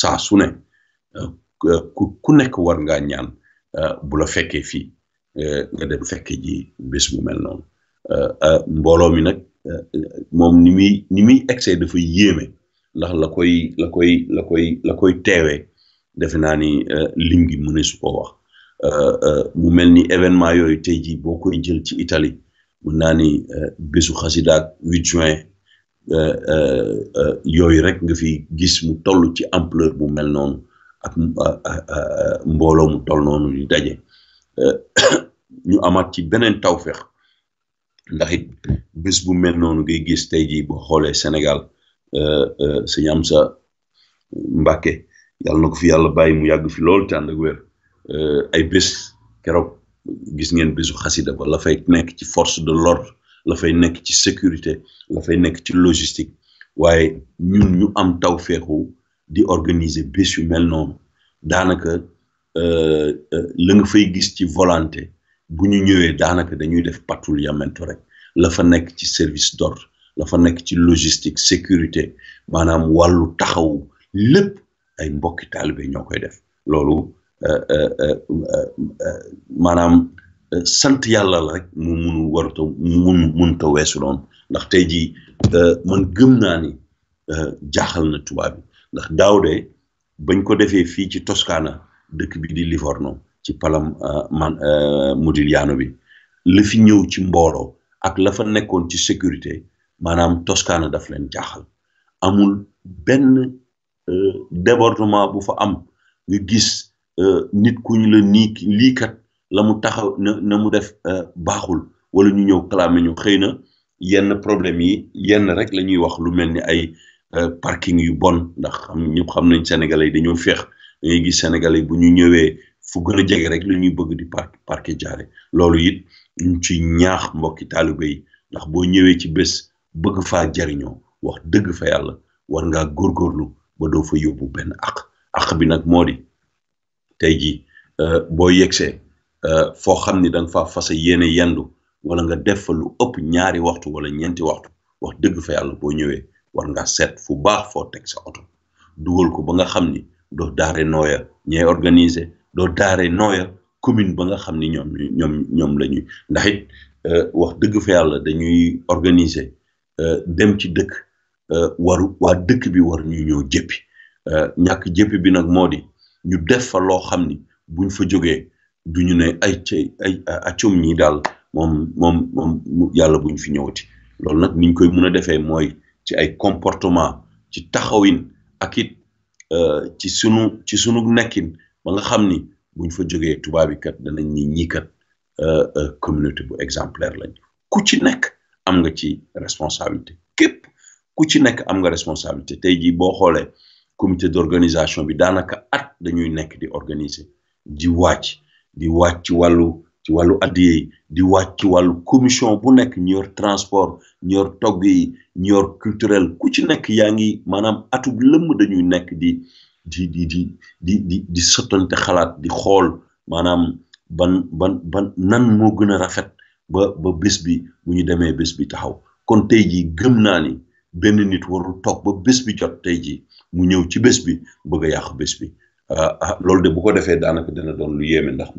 saa su ne euh, ku nekk war ngaa ñaan euh, bu la fekkee fii euh, nga dem fekke ji bés bu mel noonu mbooloo mi nag moom ni muy ni muy excès dafa yéeme ndax la koy la koy la koy la koy teewee defe naa ni lim gi mëne su wax wax mu mel ni événement yooyu tey jii boo jël ci Italie mën naa ni euh, bésu xasidaak 8 juin euh, euh, yooyu rek nga fi gis mu toll ci ampleur bu mel noonu ak mbooloo toll noonu di daje ñu amaat ci beneen tawfeex ndax it bés bu mel noonu ngay gis tey jii boo xoolee Sénégal sëñ Amsa Mbàkke yàlla na ko fi yàlla bàyyi mu yàgg fi lool te ànd ak wér ay bés keroog. gis ngeen bisu xasida ba la fay nekk ci force de l'ordre la fay nekk ci sécurité la nekk ci logistique waaye ñun ñu am taw tawféexu di organiser bés yu mel noonu daanaka euh, euh, la nga fay gis ci volonté bu ñu ñëwee daanaka dañuy def patrouillement rek la fa nekk ci service d'ordre la fa nekk ci logistique sécurité maanaam wàllu taxawu lépp ay mbokki taalibe ñoo koy def loolu Euh, euh, euh, maanaam sant yàlla la rek mu munu warut mun munta weesu doon ndax tey jii man gëm naa ni jaaxal na tubaab ndax daaw bañ ko defee fii ci toskaana dëkk bi di Livorno ci palam man Modigliano bi la fi ñëw ci mbooloo ak la fa nekkoon ci sécurité maanaam Toscana daf leen jaaxal amul benn débordement bu fa am nga gis Euh, nit ku ñu la nii lii kat la mu taxaw na mu def euh, baaxul wala ñu ñëw clamé ñu xëy na yenn problème yi yenn rek la ñuy wax lu mel ni ay euh, parking yu bon ndax xam ñëpp xam nañ sénégalais yi dañoo feex dañuy gis sénégalais bu ñu ñëwee fu gën a jege rek lu ñuy bëgg di par parqué jaare loolu it ñu ci ñaax mbokki taalibe yi ndax boo ñëwee ci bés bëgg fa jariñoo wax dëgg fa yàlla war ngaa góorgóorlu ba doo fa yóbbu benn aq aq bi nag moo di tey jii euh, boo yegsee euh, foo xam ni da fa faa fas yéene yendu wala nga def fa lu ëpp ñaari waxtu wala ñeenti waxtu wax dëgg fa yàlla boo ñëwee war ngaa seet fu baax foo teg sa oto dugal ko ba nga xam ni doo daare nooya ñay organisé doo daare nooya commune ba nga xam ni ñoom ñoom ñoom la ñuy ndax it euh, wax dëgg fa yàlla dañuy organisé dem ci dëkk waru waa dëkk bi war ñu ñëw jëppi ñàkk jëpp bi nag moo di ñu def fa loo xam ni buñ fa jógee du ñu ne ay cay ay acum ñi daal moom moom moom yàlla buñ fi ñëwati loolu nag niñ koy mun a defee mooy ci ay comportement ci taxawin ak it euh, ci sunu ci sunu nekkin ba nga xam ni buñ fa jógee tubaab yi kat danañ ñi ñii kat euh, euh, communauté bu exemplaire lañ ku ci nekk am nga ci responsabilité képp ku ci nekk am nga responsabilité tey jii boo xoolee. comité d'organisation bi daanaka at dañuy nekk di organiser di wàcc di wàcc ci wàllu ci wàllu addiyee di wàcc ci wàllu commission bu nekk yor transport ñor togg yi yor culturel ku ci nekk yaa ngi maanaam atub lëmm dañuy nekk di di di di di di di sottante xalaat di xool maanaam ban ban ba nan moo gën a rafet ba ba bés bi bu ñu demee bés bi taxaw kon tey jii gëm naa ni benn nit warul toog ba bés bi jot tey jii mu ñëw ci bés bi bëgg a yàq bés bi euh, ah, loolu de bu ko defee daanaka dana doon lu yéeme ndax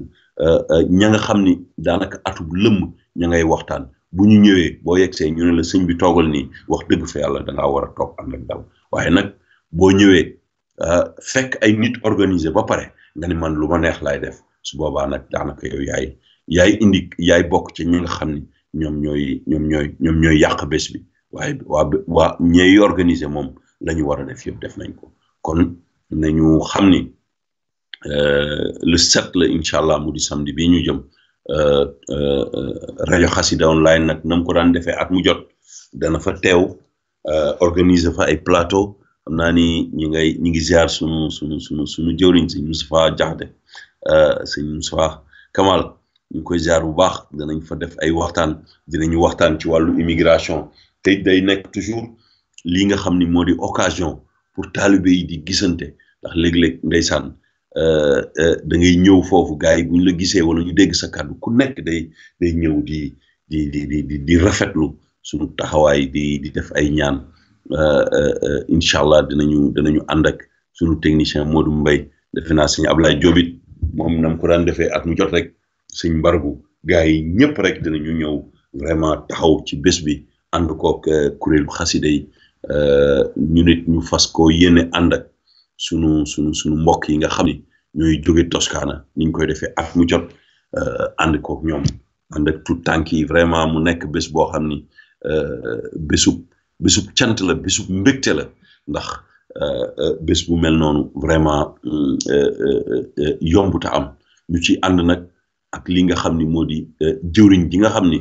euh, euh, ña nga xam ni daanaka atub lëmm ña ngay waxtaan bu ñu ñëwee boo yegsee ñu ne la sëñ bi toogal nii wax dëgg fa yàlla da ngaa war a toog am ak dal waaye nag boo ñëwee fekk ay nit organisé ba pare nga ni man lu ma neex laay def su boobaa nag daanaka yow yaay yaay indi yaay bokk ci ñi nga xam ni ñoom ñooy ñoom ñooy ñoom ñooy yàq bés bi waaye waa waa ñooy moom. la ñu war a def yëpp def nañ ko kon nañu xam ni euh, le sept la incha allah mu di samedi bii ñu jëm euh, euh, rajo Xassida online nag nam ko daan defee at mu jot dana fa teew organiser fa ay plateau xam naa ni ñi ngay ñi ngi ziar sunu sunu sunu sunu jëwriñ sëñ Moustapha Diakhaté sëñ Moustapha Kamal ñu koy ziar bu baax danañ fa def ay waxtaan dinañu waxtaan ci wàllu immigration te day nekk toujours. lii nga xam ni moo di occasion pour taalibe yi di gisante ndax léeg-léeg ndeysaan euh, euh, da ngay ñëw foofu gars yi bu la gisee wala ñu dégg sa kàddu ku nekk day day ñëw di di di di di rafetlu suñu taxawaay di di def ay ñaan euh, incha allah dinañu dinañu ànd ak suñu technicien Modou Mbaye defe naa sëñ Ablaye Diobit moom nam ko daan defee at mu jot rek sëñ mbargu gars yi ñëpp rek dinañu ñëw vraiment taxaw ci bés bi ànd koog kuréelu xasida yi ñu nit ñu fas koo yéene ànd ak sunu sunu sunu mbokk yi nga xam ni ñooy jóge Toscana niñ koy defee at mu jot euh, ànd kook ñoom ànd ak tout tànk yi vraiment mu nekk bés boo xam ni euh, bésub bésub cant la bésub mbégte la ndax euh, bés bu mel noonu vraiment yombuta am ñu ci ànd nag ak li nga xam ni moo di jëwriñ gi nga xam ni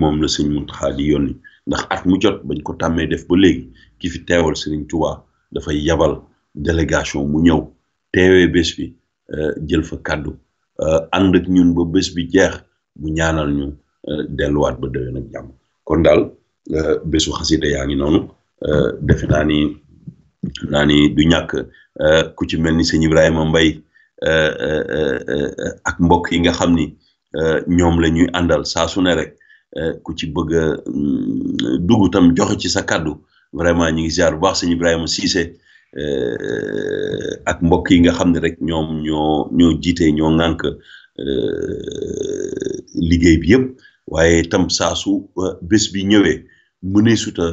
moom la sëñ Muntaxa di yónni ndax at mu jot bañ ko tàmmee def ba léegi ki fi teewal Serigne Touba dafay yabal délégation mu ñëw teewee bés bi euh, jël fa kàddu euh, ànd ak ñun ba bés bi jeex mu ñaanal ñu euh, delluwaat ba déwén ak jàmm kon daal bésu xasida yaa ngi noonu defe naa ni naa ni du ñàkk ku ci mel ni sëñ Ibrahima Mbaye ak mbokk yi nga xam ni ñoom la ñuy àndal saa su ne rek. Euh, ku ci bëgg a mm, dugg tam joxe ci sa kàddu vraiment ñu ngi ziar bu baax sëñ Ibrahima Cissé euh, ak mbokk yi nga xam ne rek ñoom ñoo ñoo jiite ñoo ŋànk euh, liggéey bi yëpp waaye tam saasu bés bi ñëwee mënee suta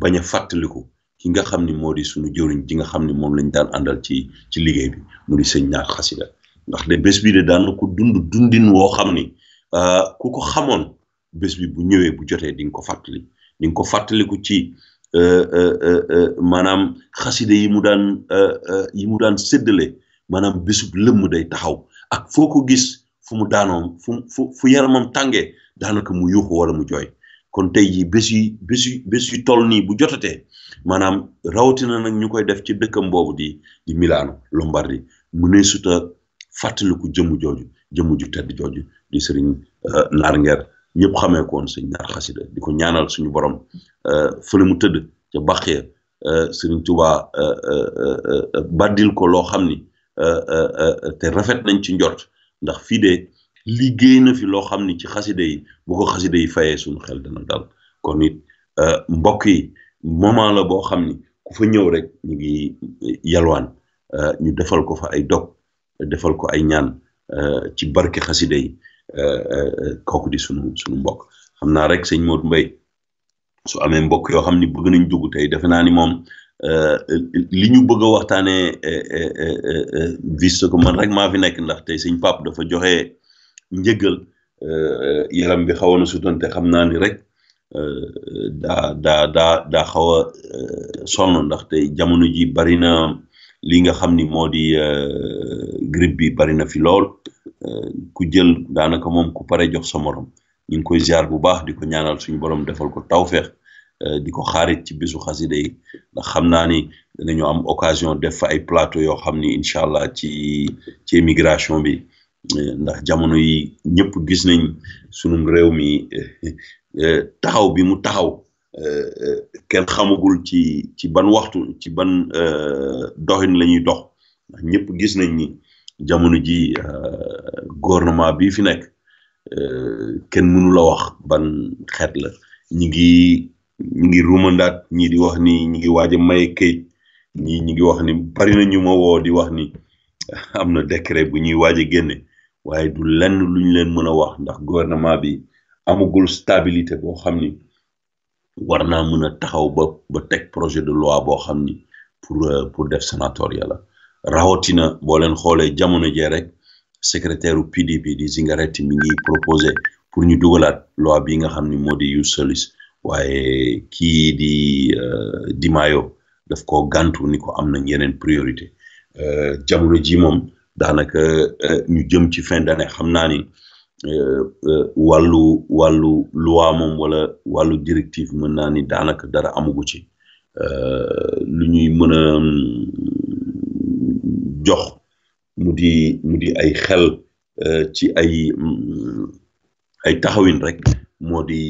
bañ a fàttaliku ki nga xam ni moo di suñu jëwriñ ji nga xam ni moom lañ daan àndal ci ci liggéey bi mu di sëñ naat xasida ndax de bés bi de daan na ko dund dundin woo xam ni ku ko xamoon bés bi bu ñëwee bu jotee di nga ko fàttali di nga ko ku ci euh, euh, euh, maanaam xaside yi mu daan yi mu daan séddale maanaam bésub lëmm day taxaw ak foo ko gis fu mu daanoom fu fu fu yaramam tàngee daanaka mu yuuxu wala mu jooy kon tey jii bés yi bés bés yu toll nii bu jotatee maanaam rawatina nag ñu koy def ci dëkkam boobu di di Milano Lombardi mu ne suta fàttaliku jëmu jooju jëmu ju tedd jooju di sëriñ Naar ñëpp xamee ko woon sëñ naar xasida di ñaanal suñu borom euh, fële mu tëdd ca bàqee sëriñ tubaa baddil ko loo xam ni euh, euh, te rafet nañ ci njort ndax fii de liggéey na fi loo xam ni ci xasida yi bu ko xasida yi fayee suñu xel dana dal kon it mbokk yi moment la boo xam ni ku fa ñëw rek ñu ngi yalwaan ñu defal ko fa ay dog defal ko ay ñaan ci barke xasida yi Eh, eh, kooku di sunu sunu mbokk xam naa rek sëñ Modou Mbaye su amee mbokk yoo xam ni bëgg nañ dugg tey defe naa ni moom eh, li ñu bëgg a waxtaanee viste ko man rek maa fi nekk ndax tey sëñ Pape dafa joxe njëgal yaram bi xawoon na sutante xam naa ni rek daa daa daa daa xaw a sonn ndax tey jamono ji bari na. lii nga xam ni moo di euh, grippe bi bari na fi lool euh, ku jël daanaka moom ku pare jox sa morom ñu ngi koy ziar bu baax di ko ñaanal suñu borom defal ko tawfeex euh, di ko xaarit ci bisu xasida yi ndax xam naa ni danañu am occasion def fa ay plateau yoo xam ni incha allah ci ci émigration bi ndax jamono yi ñëpp gis nañ sunum réew mi taxaw bi mu taxaw. Eh, eh, kenn xamagul ci ci ban waxtu ci ban eh, doxin la ñuy dox ndax ñëpp gis nañ ni jamono ji gouvernement bi fi nekk kenn mënu la wax ban xeet la ñi ngi ñi ngi rumandaat ñii di wax ni ñi ngi waaj a maye këyit ñii ñi ngi wax ni bari na ñu ma woo di wax ni am na décret bu ñuy waaj a génne waaye du lenn lu ñu leen mën a wax ndax gouvernement bi amagul stabilité boo xam ni war naa mën a taxaw ba ba teg projet de loi boo xam ni pour euh, pour def sanatoria la rawatina boo leen xoolee jamono jee rek secrétaire u PDP di Zingaretti mi ngi proposé pour ñu dugalaat loi bi nga xam ni moo di ius soli waaye kii di euh, Di Maio daf ko gàntu ni ko am nañ yeneen priorité euh, jamono ji moom daanaka ñu jëm ci fin d'année xam naa ni Euh, euh, wàllu wàllu loi moom wala wàllu directive mën naa ni daanaka dara amugu ci euh, lu ñuy mën a mm, jox mu di mu di ay xel ci ay mm, ay taxawin rek moo di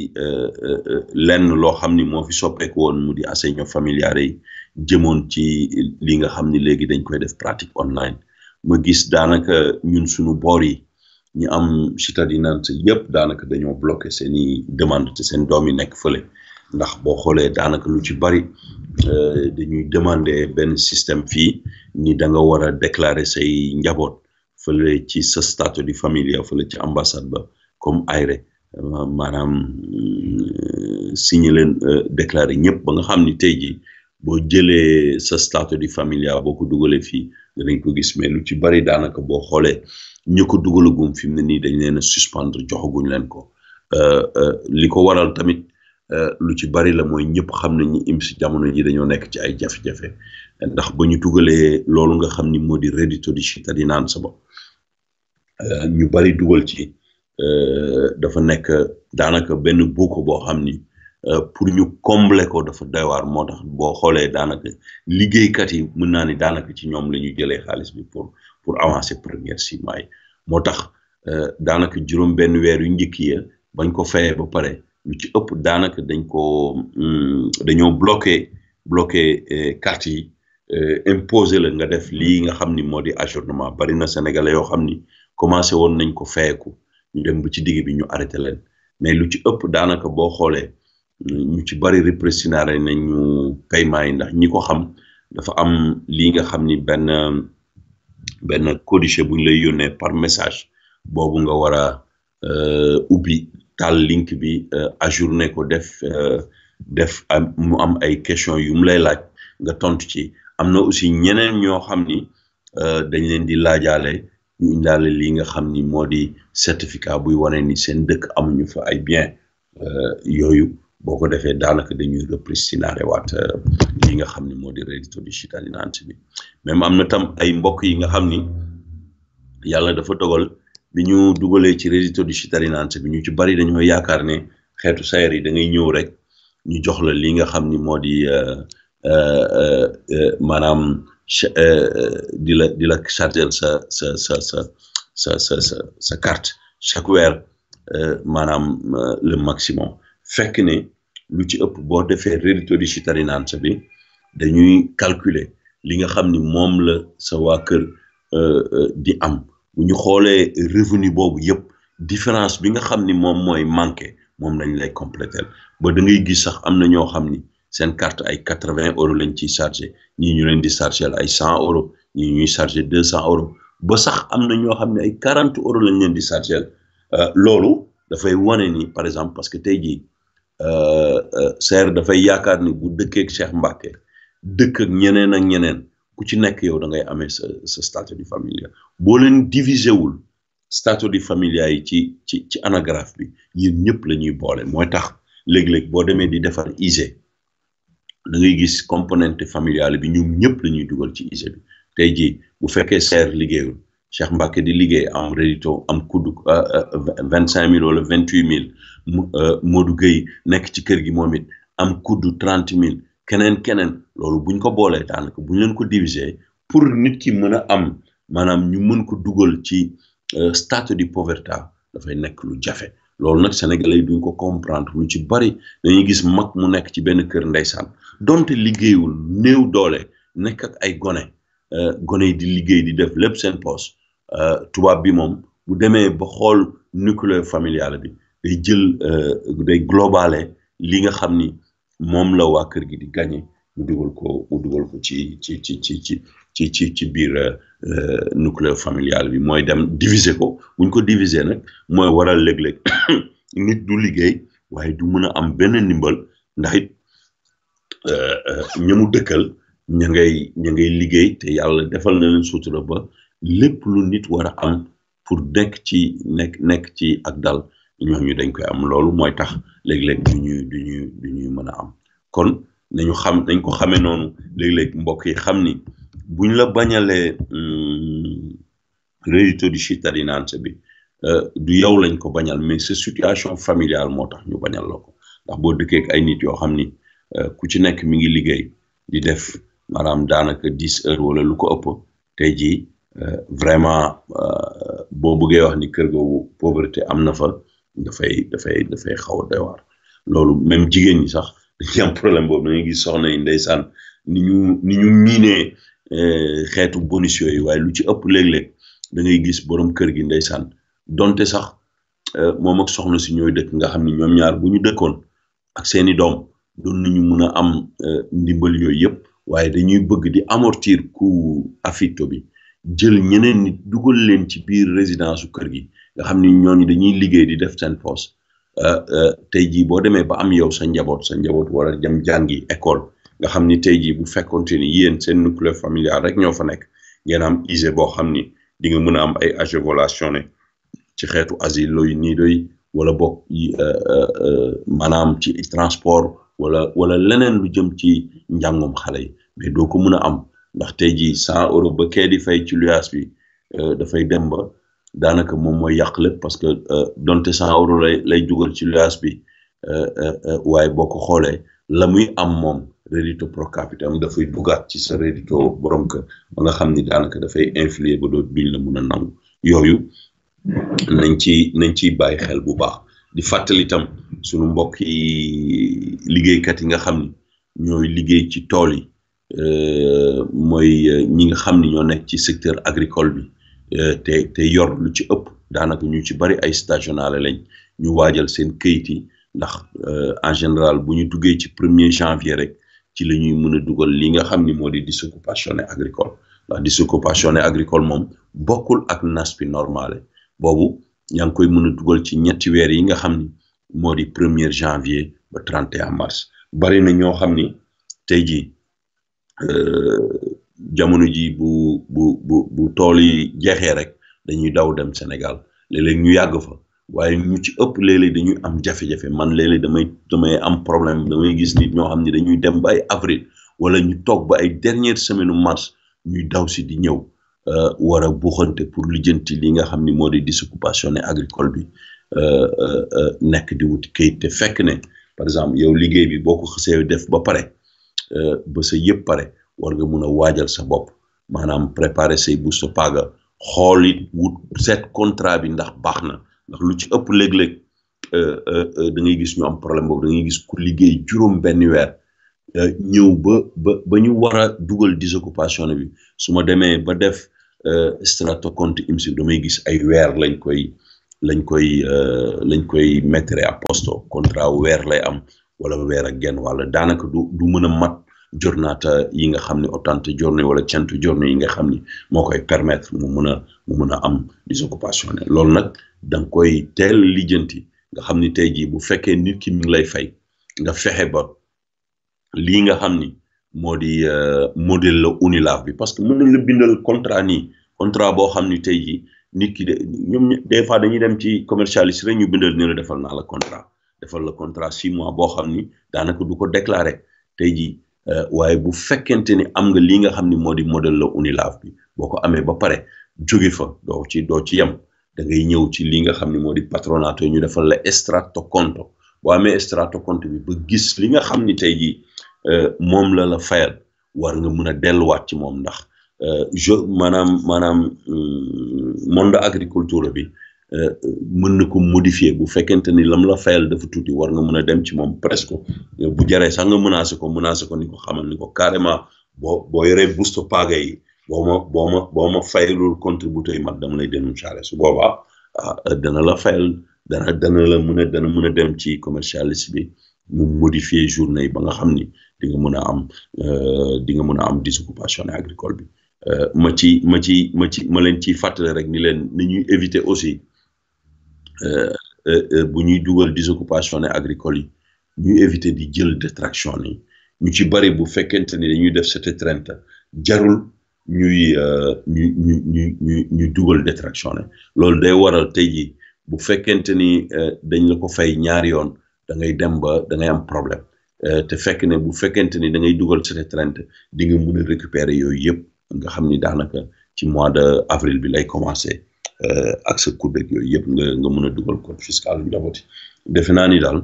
lenn loo xam ni moo fi soppeeku woon mu di enseignement familial yi jëmoon ci li nga xam ni léegi dañ koy def pratique online ma gis daanaka ñun suñu boor yi ñu am citadinante yëpp daanaka dañoo bloqué seen i demande te seen doom yi nekk fële ndax boo xoolee daanaka lu ci bari euh, dañuy demande benn système fii ni da nga war a déclarer say njaboot fële ci sa stato di familia fële ci ambassade ba comme aire euh, maanaam euh, signé leen déclarer ñëpp ba nga xam ni tey jii boo jëlee sa stato di familia boo ko dugalee fii danañ ko gis mais lu ci bari daanaka boo xoolee. ñu ko dugalagum fi mu ne nii dañ leen a suspendre joxaguñ leen ko euh, euh, li ko waral tamit euh, lu ci bari la mooy ñëpp xam na nañ ni si jamono ji dañoo nekk ci ay jafe-jafe ndax ba ñu dugalee loolu nga xam ni moo di reddito di cittadinanza ba ñu bari dugal ci dafa nekk daanaka benn buuko boo xam ni pour ñu combler ko dafa doy moo tax boo xoolee daanaka liggéeykat yi mën naa ni daanaka ci ñoom la ñu jëlee xaalis bi pour. pour avancer première six mois yi moo tax euh, daanaka juróom-benn weer yu njëkk bañ ko fayee ba pare lu ci ëpp daanaka dañ ko hmm, dañoo bloqué bloqué euh, carte yi euh, imposer la nga def lii nga xam ni moo di ajournement bari na sénégalais yoo xam ni commencé woon nañ ko fayeku ñu dem ba ci digg bi ñu arrêté leen mais lu ci ëpp daanaka boo xoolee ñu ci bari répressionnaire nañ ñu paiement yi ndax ñi ko xam dafa am lii nga xam ni benn. benn codice bu ñu lay yónnee par message boobu nga war a euh, ubbi taal link bi euh, ajourné ko def euh, def mu am ay question yu lay laaj nga tontu ci am na aussi ñeneen ñoo xam ni dañ leen di laajaale ñu indaale lii nga xam ni moo di certificat buy wane ni seen dëkk amuñu fa ay bien yooyu. boo ko defee daanaka dañuy repristinar waat euh, li nga xam ne moo di rédito di cittadinanza bi même am na tam ay mbokk yi nga xam ni yàlla dafa dogal bi ñu dugalee ci rédito di cittadinanza bi ñu ci bari dañoo yaakaar ne xeetu sayar yi da ngay ñëw rek ñu jox la li nga xam ni moo di euh, euh, maanaam di la di la charger sa sa sa sa sa sa sa sa carte chaque weer maanaam le maximum fekk ne lu ci ëpp boo defee Reddito-di Cittadinanza bi dañuy calculer li nga xam ni moom la sa waa kër euh, euh, di am bu ñu xoolee revenu boobu yëpp différence bi nga xam ni moom mooy manqué moom lañ lay compléter ba da ngay sax am na ñoo xam ni seen carte ay quatre-vingts euros lañ ciy chargé ñii ñu leen di chargé ay cent euros ñii ñuy chargé deux cent euros ba sax am na ñoo xam ne ay quarante euros lañ leen di chargé euh, loolu dafay wane ni par exemple parce que tey jii. Euh, euh, seer dafay yaakaar ni bu dëkkeek Cheikh Mbacké dëkk ak ñeneen ak ñeneen ku ci nekk yow da ngay amee sa sa di de familia boo leen diviser wul statut de familia yi ci ci ci anagraphe bi yéen ñëpp la ñuy boole mooy tax léeg-léeg boo demee di defar ISÉ da ngay gis componente familiale bi ñoom ñëpp la ñuy dugal ci ISÉ bi tey jii bu fekkee seer liggéeyul. Cheikh Mbacke di liggéey am rédito am kudd euh, euh, vingt cinq mille wala vingt huit mille euh, Modou Gueye nekk ci kër gi moom it am kudd trent mille keneen keneen loolu buñ ko boolee daanaka buñ leen ko diviser pour nit ki mën a am maanaam ñu mën ko dugal ci statut di povertà dafay nekk lu jafe loolu nag sénégalais duñ ko comprendre lu ci bari dañuy gis mag mu nekk ci benn kër ndeysaan donte liggéeyul néew doole nekk ak ay gone gone yi di liggéey di def lépp seen poche Euh, tubaab bi moom bu demee ba xool nucléaire familial bi day jël euh, day globale li nga xam ni moom la waa kër gi di gagné mu dugal ko mu dugal ko ci ci ci ci ci ci ci ci biir euh, nucléaire familial bi mooy dem diviser ko buñ ko diviser nag mooy waral léeg-léeg nit du liggéey waaye du mën a am benn ndimbal ndax it ñamu dëkkal ña ngay ña ngay liggéey te yàlla defal na leen sutura ba lépp lu nit war a am pour nekk ci nekk nekk ci ak dal ñooñu dañ koy am loolu mooy tax léeg-léeg du ñuy du ñuy mën a am kon nañu xam dañ ko xamee noonu léeg-léeg mbokk yi xam ni buñ la bañalee hmm, reddito di cittadinanza bi euh, du yow lañ ko bañal mais sa situation familiale moo tax ñu bañal la ko ndax boo dëkkee ak ay nit yoo xam ni euh, ku ci nekk mi ngi liggéey di def maanaam daanaka dix heures wala lu ko ëpp tey jii vraiment euh, boo buggee wax ni kër googu pauvreté am na fa dafay dafay dafay xaw a doy loolu même jigéen ñi sax dañuy am problème boobu dañuy gis soxna yi ndeysaan ni ñu ni ñu miinee euh, xeetu bonus yooyu waaye lu ci ëpp léeg-léeg da gis borom kër gi ndeysaan donte sax euh, moom ak soxna si ñooy dëkk nga xam ni ñoom ñaar bu ñu dëkkoon ak seeni doom doon nañu mun a am ndimbal yooyu yëpp waaye dañuy bëgg di amortir coût affecto bi. jël ñeneen nit dugal leen ci biir résidence su kër gi nga xam ni ñooñu dañuy liggéey di def seen poos euh, euh, tey jii boo demee ba am yow sa njaboot sa njaboot wala a dem jàngi école nga xam ni tey jii bu fekkonte ni yéen seen nucléaire familial rek ñoo fa nekk ngeen am ISE boo xam ni di nga mën a am ay agevolation ne ci xeetu asile looy nii doy wala bokk euh, maanaam ci transport wala wala leneen lu jëm ci njàngum xale yi mais doo ko mën a am. ndax tey jii cent euro ba kee di fay ci luyaas bi euh, dafay dem ba daanaka moom mooy yàq lépp parce que euh, donte cent euro lay lay jugal ci luyaas bi euh, waaye boo ko xoolee la muy am moom rédito pro dafay dugaat ci sa rédito borom kër ba nga xam ni daanaka dafay influer ba doot duñ la mun a nangu yooyu nañ ci nañ ciy bàyyi xel bu baax di fàttali itam sunu mbokk yi liggéeykat yi nga xam ni ñooy liggéey ci tool yi. Euh, mooy euh, ñi nga xam ni ñoo nekk ci secteur agricole bi euh, te te yor lu ci ëpp daanaka ñu ci bari ay stagionnaire lañ ñu waajal seen këyit yi ndax en général bu ñu duggee ci premier janvier rek ci la ñuy mën a dugal li nga xam ni moo di disoccupation agricole ndax disoccupation agricole moom bokkul ak NASPI normale boobu yaa ngi koy mën a dugal ci ñetti weer yi nga xam ni moo di premier janvier ba 31 mars bari na ñoo xam ni tey jii. Euh, jamono ji bu bu bu bu tool yi jeexee rek dañuy daw dem Sénégal léeg ñu yàgg fa waaye ñu ci ëpp léeg-léeg dañuy am jafe-jafe man léeg damay damay am problème damay gis nit ñoo xam ne dañuy dem ba ay avril wala ñu toog ba ay dernière semaine u mars ñuy daw si di ñëw euh, wara a buuxante pour lijjanti li nga xam ni moo di disoccupation agricole bi euh, nekk di wuti kayit te fekk ne par exemple yow liggéey bi boo ko xasee def ba pare Euh, ba sa yëpp pare war nga mun a waajal sa bopp maanaam préparer say busta paga xool it wut set contrat bi ndax baax na ndax lu ci ëpp léeg-léeg euh, euh, da ngay gis ñu am problème boobu da gis ku liggéey juróom benn weer ñëw ba ba ba ñu war a dugal disoccupation bi su ma demee ba def strato compte IMSI damay gis ay weer lañ koy lañ koy lañ koy mettre à posto contrat weer lay am wala weer ak genn wàll daanaka du du mën a mat jornaata yi nga xam ne ottante jorne wala centu jorne yi nga xam ni moo koy permettre mu mun a mu mun a am disoccupation ne loolu nag dang koy teel lijjanti nga xam ni tey jii bu fekkee nit ki mi ngi lay fay nga fexe ba lii nga xam ni moo di euh, modèle la UNILAV bi parce que mën nañ la bindal contrat nii contrat boo xam ni tey ji nit ki de ñoom des fois dañuy dem ci commercialiste rek ñu bindal ne la defal naa la contrat defal la contrat six mois boo xam ni daanaka du ko déclaré tey jii Euh, waaye bu fekkente ni am nga lii nga xam ni moo di modèle la Unilav bi boo ko amee ba pare jóge fa doo ci doo ci yem da ngay ñëw ci li nga xam ni moo di patronato ñu defal la extracto conto boo amee extracto conto bi ba gis li nga xam ni tey jii euh, moom la la fayal war nga mun a delluwaat ci moom ndax euh, jo maanaam maanaam monde agriculture bi Euh, mën na ko modifier bu fekkente ni la lam la fayal dafa tuuti war nga mën a dem ci moom presque euh, bu jaree sax nga menacé ko menacé ko ni ko xamal ni ko carrément boo boo yoree busto paaga yi boo ma boo ma boo ma fayalul contributeur yi mat dama lay dénoncé su boobaa ah, euh, dana la fayal dana dana la mën a dana mën a dem ci commercialiste bi mu modifier journée yi ba nga xam ni di nga mën a am di nga mën a am disoccupation agricole bi ma ci ma ci ma ci ma leen ciy fàttale rek ni leen ni ñuy éviter aussi Euh, euh, euh, bu ñuy dugal disoccupation agricole yi ñuy éviter di jël détraction yi ñu ci bari bu fekkente ni dañuy def set trente jarul ñuy ñu ñu ñu ñu ñu dugal détraction ne loolu day waral tey jii bu fekkente ni dañ la ko fay ñaari yoon da ngay dem ba da am problème te fekk ne bu fekkente ni da ngay dugal cette trente di nga mun a récupérer yooyu yëpp nga xam ni daanaka ci mois de avril bi lay commencer. Euh, ak sa kuréel yooyu yëpp nga nga mën a dugal code fiscal njabooti defe naa ni daal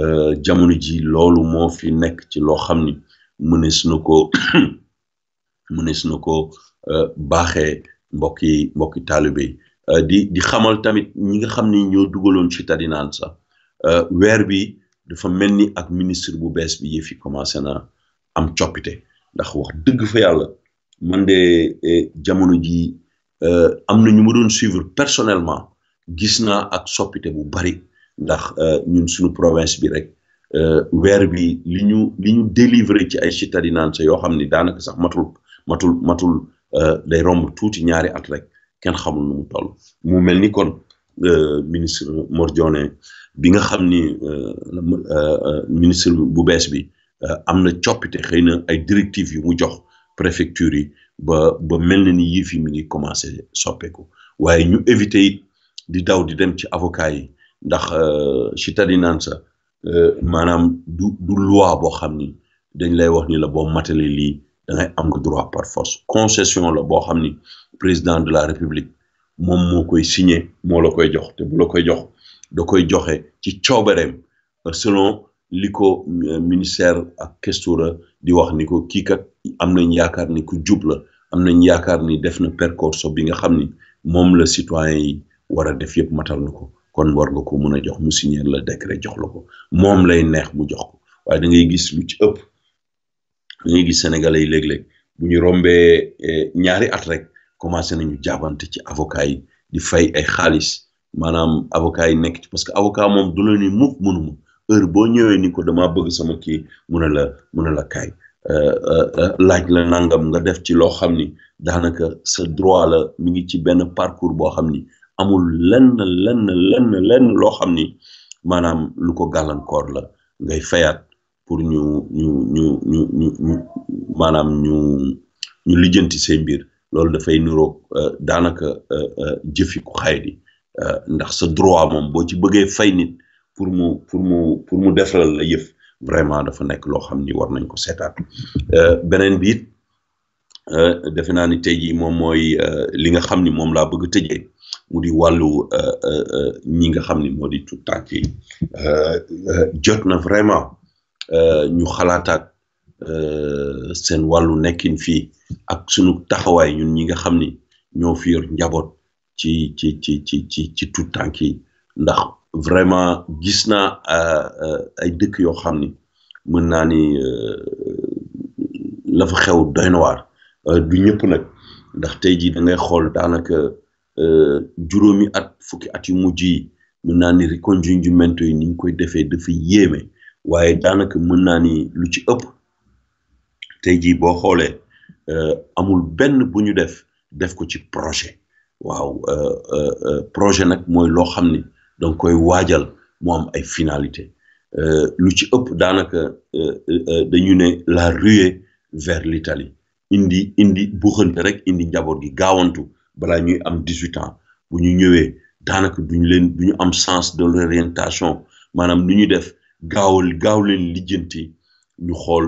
euh, jamono ji loolu moo fi nekk ci loo xam ni mënees na ko mënees na ko euh, baaxee mbokki mbokki taalibe yi di di xamal tamit ñi nga xam ni ñoo dugaloon cittadinanza weer bi dafa mel ni ak ministre bu bees bi yëf yi commencé na am coppite ndax wax dëgg fa yàlla man de eh, jamono ji Euh, am na ñu ma doon suivre personnellement gis naa ak soppite bu bari ndax euh, ñun suñu province bi rek euh, weer bi li ñu li ñu délivrer ci ay cittadinanza yoo xam ni daanaka sax matul matul matul day romb tuuti ñaari at rek kenn xamul nu mu toll mu mel ni kon ministre Mor Dione bi nga xam ni ministre bu bees bi am na coppite xëy na ay directives yu mu jox préfecture yi ba ba mel na ni yii fi mi ngi commencé soppeeku waaye ñu éviter it di daw di dem ci avocat yi ndax euh, cittadinanza euh, maanaam du du loi boo xam ni dañ lay wax ni la boo matale lii da ngay am nga droit par force concession la boo xam ni président de la république moom moo koy signé moo la koy jox te bu la koy jox da koy joxe ci coobareem selon li ko euh, ministère ak questura di wax ni ko kii kat am nañ yaakaar ni ku jub am nañ yaakaar ni def na percorso bi nga xam ni moom la citoyen yi war a def yëpp matal na ko kon war nga ko mun a jox mu signer la décret jox la ko moom lay neex mu jox ko waaye da ngay gis lu ci ëpp da ngay gis sénégalais yi léeg-léeg bu ñu rombee eh, ñaari at rek commencé nañu jaabante ci avocat yi di fay ay xaalis maanaam avocat yi nekk ci parce que avocat moom du la ni mukk mënuma heure boo ñëwee ni ko dama bëgg sama kii mun a la mu a la kaay Euh, euh, laaj la nangam nga def ci loo xam ni daanaka sa droit la mi ngi ci benn parcours boo xam ni amul lenn lenn lenn lenn loo xam ni maanaam lu ko gàllankoor la ngay fayaat pour ñu ñu ñu ñu ñu ñu maanaam ñu ñu lijjanti se mbir loolu dafay niroog euh, daanaka jëfi ku xay di ndax sa droit moom boo ci bëggee fay nit pour mu pour mu pour mu defaral la yëf vraiment dafa nekk loo xam ni war nañ ko seetaat euh, beneen biit it euh, defe naa ni tey jii moom mooy euh, li nga xam ni moom laa bëgg tëjee mu di wàllu ñi nga xam ni moo di tout tànk yi jot na vraiment ñu xalaataat seen wàllu nekkin fii ak sunu taxawaay ñun ñi nga xam ni ñoo fi njaboot ci ci ci ci ci ci tout tànk yi ndax vraiment gis naa euh, euh, ay dëkk yoo xam ni mën naa ni euh, la fa xew doy na waar du ñëpp nag ndax tey jii dangay xool daanaka juróomi at fukki at yu mujj yi mën naa ni reconjunimento yi ni ñu koy defee dafa yéeme waaye daanaka mën naa ni lu ci ëpp te jii boo xoolee amul benn bu ñu def def ko ci projet waaw projet nag mooy loo xam ni. donc koy waajal mu am ay finalité euh, lu ci ëpp daanaka euh, euh, dañu ne la ruée vers l'Italie indi indi buuxante rek indi njaboot gi gaawantu balaa ñuy am 18 ans bu ñu ñëwee daanaka duñu leen du ñu am sens de l'orientation maanaam lu ñu def gaawal gaaw leen lijjanti ñu xool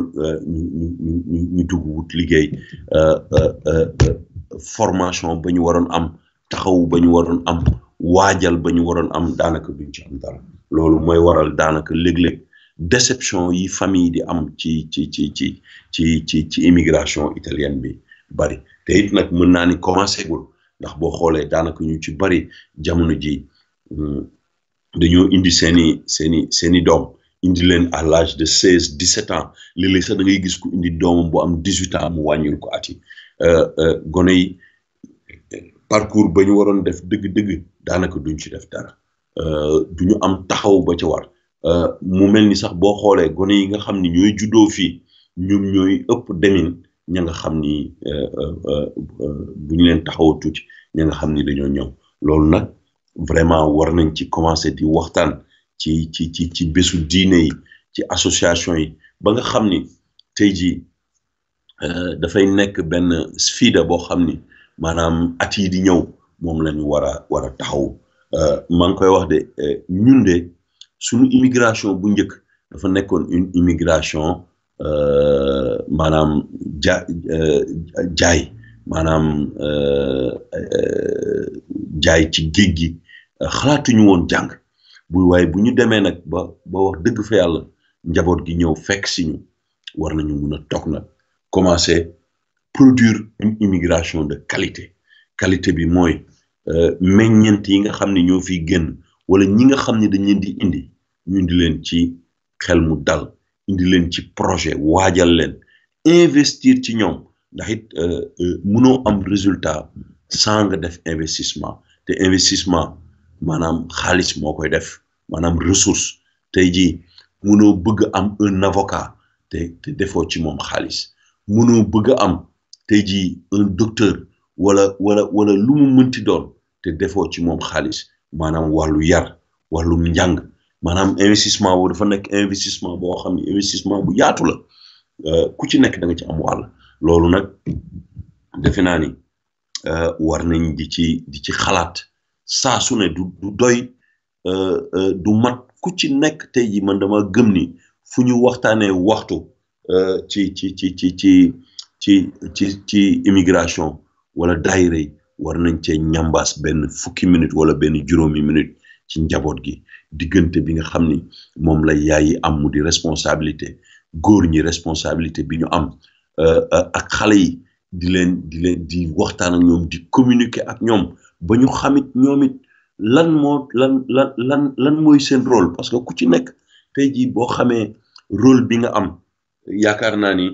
ñu ñu ñu ñu dugg wut liggéey formation ba ñu waroon am taxawu ba ñu waroon am waajal ba ñu waroon am daanaka duñ ci am dara loolu mooy waral daanaka léeg-léeg déception yi famille di am ci ci ci ci ci ci ci immigration italienne bi bari te it nag mën naa ni commencé gul ndax boo xoolee daanaka ñu ci bari jamono ji mm, dañoo indi seeni seeni seeni doom indi leen à lage de seize dix-sept ans léeg-léeg sax da ngay gis ko indi doomam boo am dix-huit ans mu wàññil ko ati euh, euh, gone yi parcours ba ñu waroon def dëgg-dëgg daanaka duñ ci def dara euh, du ñu am taxaw ba ca war euh, mu mel ni sax boo xoolee gone yi nga xam ni ñooy juddoo fii ñoom ñooy ëpp demin ñanga xam ni bu euh, ñu leen taxaw tuuti ña nga xam ni dañoo ñëw loolu nag vraiment war nañ ci commencé di waxtaan ci ci ci ci bésu diine yi ci association yi ba nga xam ni tey jii dafay nekk benn sfida boo xam ni maanaam at yi di ñëw moom la ñu war a war a taxaw euh, maa ngi koy wax de euh, ñun de suñu immigration bu njëkk dafa nekkoon une immigration euh, maanaam ja jaay maanaam jaay ci géej gi xalaatuñu woon jàng bu waaye bu ñu demee nag ba ba wax dëgg fa yàlla njaboot gi ñëw fekk si ñu war nañu mun a toog nag commencer produire une immigration de qualité qualité bi mooy. Euh, meññeent yi nga xam ne ñoo fi génn wala ñi nga xam ni dañ leen di indi ñu indi leen ci xel mu dal indi leen ci projet waajal leen investir ci ñoom ndax it euh, euh, mënoo am résultat sans nga def investissement te investissement maanaam xaalis moo koy def maanaam ressource tey jii mënoo bëgg am un avocat te defoo ci moom xaalis mënoo bëgg am tey jii un docteur. wala wala wala lu mu mënti doon te defoo ci moom xaalis maanaam wàllu yar wàllum njàng maanaam investissement boobu dafa nekk investissement boo xam ne investissement bu yaatu la euh, ku ci nekk da ci am wàll loolu nag defe naa ni euh, war nañ di ci di ci xalaat saa su ne du du doy euh, du mat ku ci nekk tey jii man dama gëm ni fu ñu waxtaanee waxtu ci ci ci ci ci ci ci ci immigration wala daayira war nañ cee ñambaas benn fukki minute wala benn juróomi minute ci njaboot gi diggante bi nga xam ni moom lay yaay am mu di responsabilité góor ñi responsabilité bi ñu am euh, euh, ak xale yi di leen di leen di waxtaan ak ñoom di communiquer ak ñoom ba ñu xamit ñoomit lan moo lan lan lan lan mooy seen rôle parce que ku ci nekk tey jii boo xamee rôle bi nga am yaakaar naa ni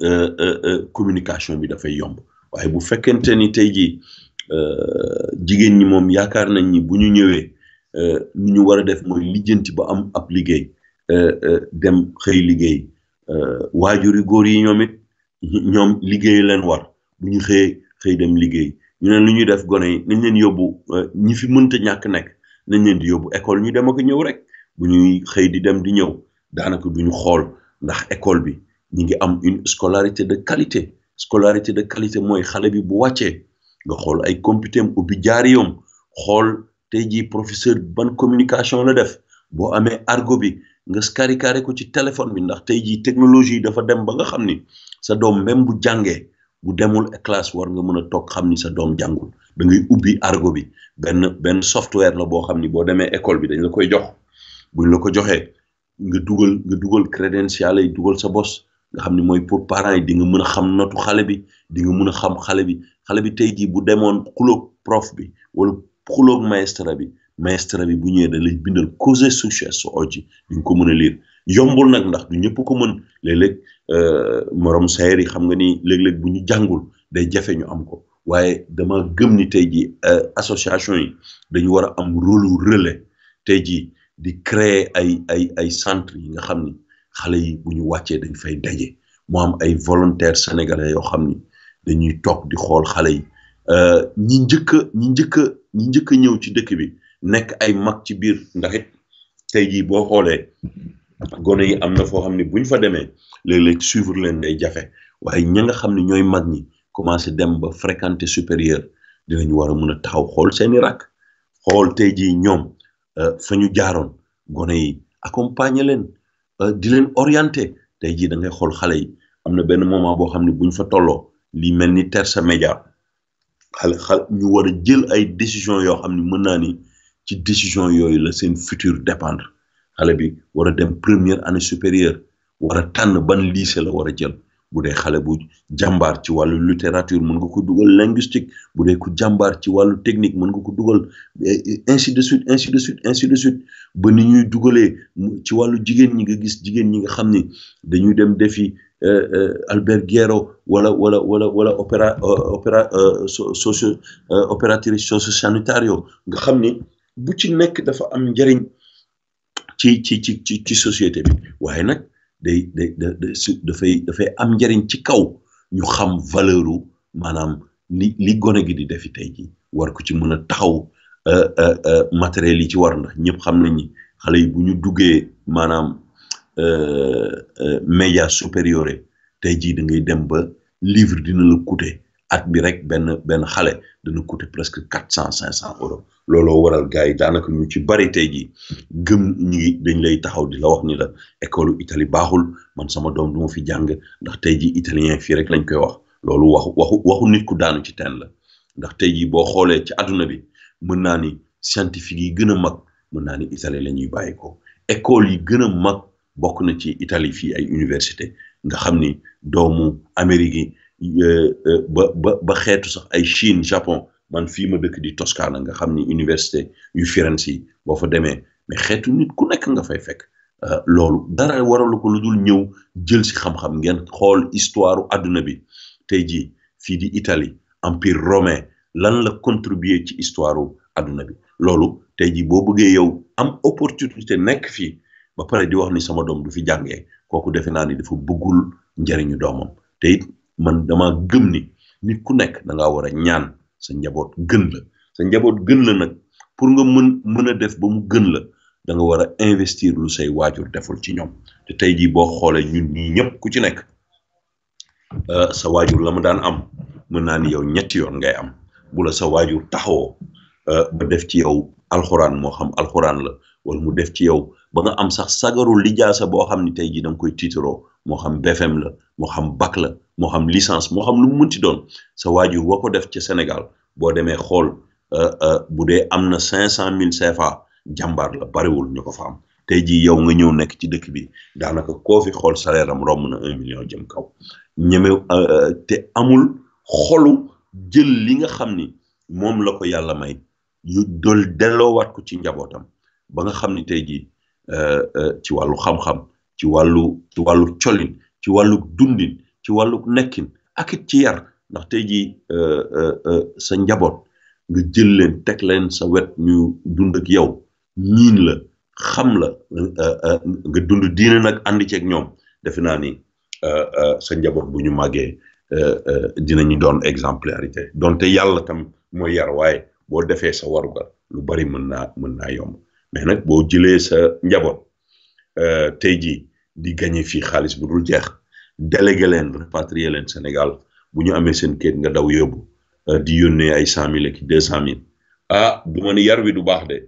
euh, communication bi dafay yomb. waaye bu fekkente ni tey jii euh, jigéen ñi moom yaakaar nañ ni bu ñu ñëwee euh, lu ñu war a def mooy lijjanti ba am ab liggéey euh, dem xëy liggéey waajuri góor yi ñoom it ñoom liggéey leen war bu ñu xëyee xëy dem liggéey ñu ne nu ñuy def gone yi nañ leen yóbbu ñi fi mënta ñàkk nekk nañ leen di yóbbu école ñu dem ak ñëw rek bu ñuy xëy di dem di ñëw daanaka ñu xool ndax école bi ñi ngi am une scolarité de qualité scolarité de qualité mooy xale bi bu wàccee nga xool ay computéem ubbi jaariyom xool tey jii professeur ban communication la def boo amee argot bi nga scaricare ko ci téléphone bi ndax tey jii technologie dafa dem ba nga xam ni sa doom même bu jàngee bu demul classe war nga mën a toog xam ni sa doom jàngul da ngay ubbi argo bi benn benn software la boo xam ni boo demee école bi dañ la koy jox buñ la ko joxee nga dugal nga dugal crédential yi dugal sa bos nga xam ni mooy pour parents yi di nga mën a xam notu xale bi di nga mën a xam xale bi xale bi tey jii bu demoon xuloog prof bi wala xuloog maestra bi maestra bi bu ñëwee da lay bindal causé succès su oji di nga ko mën a lire yombul nag ndax du ñëpp ko mën léeg-léeg euh, morom sayar yi xam nga ni léeg-léeg bu ñu jàngul day jafe ñu am ko waaye dama gëm ni tey jii euh, association yi dañu war a am rôle relais tey jii di créer ay ay ay centre yi nga xam ni xale yi bu ñu wàccee dañ fay daje moo am ay volontaires sénégalais yoo xam ni dañuy toog di xool xale yi euh, ñi njëkk a ñi njëkk a njëkk a ñëw ci dëkk bi nekk ay mag ci biir ndax it tey jii boo xoolee gone yi am na foo xam ne bu ñu fa demee léeg-léeg suivre leen day jafe waaye ña nga xam ne ñooy mag ñi commencé dem ba fréquenté supérieur dinañu war a mun a taxaw xool seeni rakk xool tey jii ñoom euh, fa ñu jaaroon gone yi accompagner leen. Euh, di leen orienté tey jii da ngay xool xale yi am na benn moment boo xam ne bu ñu fa tolloo lii mel ni terse média xale xal ñu war a jël ay décision yoo xam ne mën naa ni ci décision yooyu la seen futur dépendre xale bi war a dem première année supérieure war a tànn ban lycée la war a jël bu dee xale bu jàmbaar ci wàllu littérature mun nga ko dugal linguistique bu dee ku jàmbaar ci wàllu technique mën nga ko dugal ainsi de suite ainsi de suite ainsi de suite ba ni ñuy dugalee ci wàllu jigéen ñi nga gis jigéen ñi nga xam ni dañuy dem defi euh, euh, Albert Guero wala wala wala wala opéra euh, opéra socio opératrice socio-sanitario nga xam ni bu ci nekk dafa am njëriñ ci ci ci ci ci société bi waaye nag. day day day dafay dafay am njariñ ci kaw ñu xam valeuru maanaam ni li gone gi di defi tey ji war ko ci mën a taxaw euh, euh, euh, matériels yi ci war ndax ñëpp xam nañ ni xale yi bu ñu duggee maanaam média supérieur tey jii da ngay dem ba livre dina la at bi rek benn benn xale dana coûter presque quatre cent cinq cent oh. euros looloo waral gars yi daanaka ñu ci bari tey jii gëm ñi dañ lay taxaw di la wax ni la école Italie baaxul man sama doom du ma fi jàng ndax tey jii italien fii rek lañ koy wax loolu waxu waxu waxu nit ku daanu ci ten la ndax tey jii boo xoolee ci àdduna bi mën naa ni scientifique yi gën a mag mën naa ni Italie lañuy ñuy bàyyi école yi gën a mag bokk na ci Italie fii ay université nga xam ni doomu Amérique yi Euh, euh, ba ba xeetu sax ay Chine Japon man fii ma dëkk di Toscana nga xam ni université yu Firenze yi boo fa demee mais xeetu nit ku nekk nga fay fekk euh, loolu dara waralu ko lu dul ñëw jël si xam-xam ngeen xool histoire adduna bi tey jii fii di itali empire romain lan la contribuer ci histoire adduna bi loolu tey jii boo bëggee yow am opportunité nekk fii ba pare di wax ni sama doom du fi jàngee kooku defee naa ni dafa bëggul njëriñu doomam te man dama gëm ni nit ku nekk da ngaa war a ñaan sa njaboot gën la sa njaboot gën la nag pour nga mën mën a def ba mu gën la da nga war a investir lu say waajur deful ci ñoom te tey jii boo xoolee ñun ñii ñëpp ku ci nekk euh, sa waajur la mu daan am mën naa ni yow ñetti yoon ngay am bu sa waajur taxawoo euh, ba def ci yow alxuraan moo xam alxuraan la wala mu def ci yow ba nga am sax sagarul sagaru lijaasa boo xam ni tey jii da koy tiitaroo moo xam BFM la moo xam bac la moo xam licence moo xam lu mu munti doon sa waajur woo ko def ca Sénégal boo demee xool euh, euh, bu dee am na cinq cent mille CFA jàmbaar la bariwul ñu ko fa am tey jii yow nga ñëw nekk ci dëkk bi daanaka koo fi xool salaire am romb na un million jëm kaw ñeme euh, te amul xolu jël li nga xam ni moom la ko yàlla may yu dol delloowaat ko ci njabootam ba nga xam ni tey jii ci wàllu xam-xam ci wàllu ci wàllu colin ci wàllu dundin ci wàllu nekkin ak it ci yar ndax tey jii euh, euh, euh, sa njaboot nga jël leen teg leen sa wet ñu dund ak yow ñiin la xam la nga dund diine nag àndi ceek ñoom defe naa ni sa njaboot bu ñu màggee dinañu doon exemplarité donte yàlla tam mooy yar waaye boo defee sa warugar lu bari mën naa mën naa yomb mais nag boo jëlee sa njaboot Euh, tey jii di gagné fi xaliss bu dul jeex délégué len repatrier len Sénégal bu ñu amé seen kéet nga daw yobbu euh, di yonne ay 100000 ak 200000 ah bu ma ni yar wi du baax dé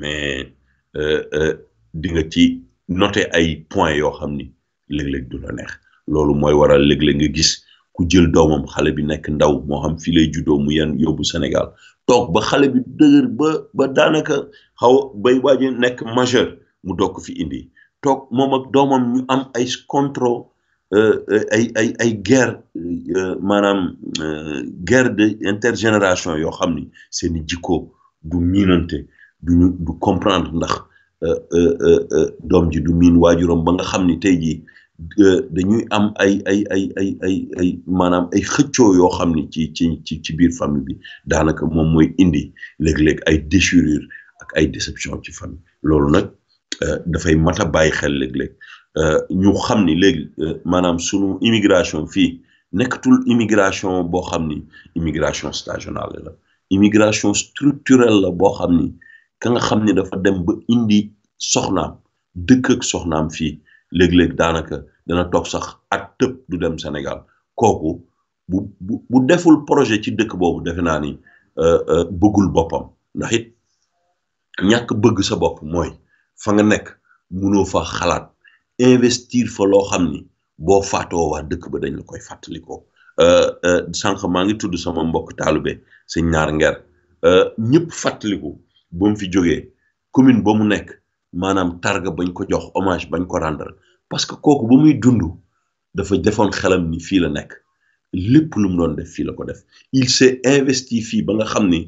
mais euh, di nga ci noter ay point yo xamni ni léeg du la neex lolu moy waral nga gis ku jël domam xalé bi nek ndaw mo xam fi lay judo mu yan yobbu Sénégal tok ba xalé bi deuguer ba ba xaw bay nek majeur mu doog fi indi toog moom ak doomam ñu am ay contre euh, euh, ay ay ay guerre euh, maanaam guerre de intergénération yoo xam ni seeni jikko du miinante duñu du comprendre ndax doom ji du miin waajuram ba nga xam ni tey jii dañuy am ay ay ay ay ay ay maanaam ay xëccoo yoo xam ni ci ci ci ci biir famille bi daanaka moom mooy indi léeg-léeg ay déchirure ak ay déception ci famille loolu nag da fay mata bàyyi xel leg leg ñu xamni leg manam sunu immigration fi nekatul immigration bo xamni immigration stationnelle la immigration structurelle la bo xamni ka nga xamni ni dafa dem ba indi soxnaam dëkk ak soxnaam fi leg leg danaka dana tok sax at tepp du dem Sénégal koku bu bu deful projet ci dëkk bobu defena ni euh euh bëggul bopam ndax it ñak bëgg sa bopp mooy. fa nga nekk munoo fa xalaat investir fa loo xam ni boo faatoo waa dëkk ba dañ la koy fàttalikoo euh, euh, sànq maa ngi tudd sama mbokk be sëñ ñaar nger euh, ñëpp fàttaliku ba mu fi jógee commune ba mu nekk maanaam targa bañ ko jox hommage bañ ko rendre parce que kooku ba muy dund dafa defoon xelam ni fii la nekk lépp lu mu doon def fii la ko def il s'est investi fii ba nga xam ni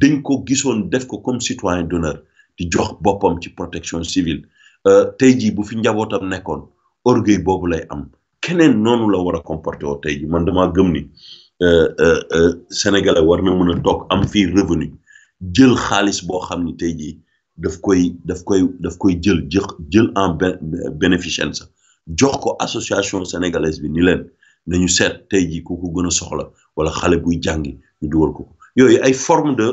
dañ ko gisoon def ko comme citoyen d'honneur di jox boppam ci protection civile euh, tey jii bu fi njabootam nekkoon orgueil boobu lay am keneen noonu la war a comporté woo tey jii man damaa gëm ni euh, euh, sénégalais war na mën a toog am fii revenu jël xaalis boo xam ni tey jii daf koy daf koy daf koy jël jël jël en bénéficence sa jox ko association sénégalaise bi ni leen nañu seet tey jii ku ko gën a soxla wala xale buy jàngi ñu dugal ko yooyu ay forme de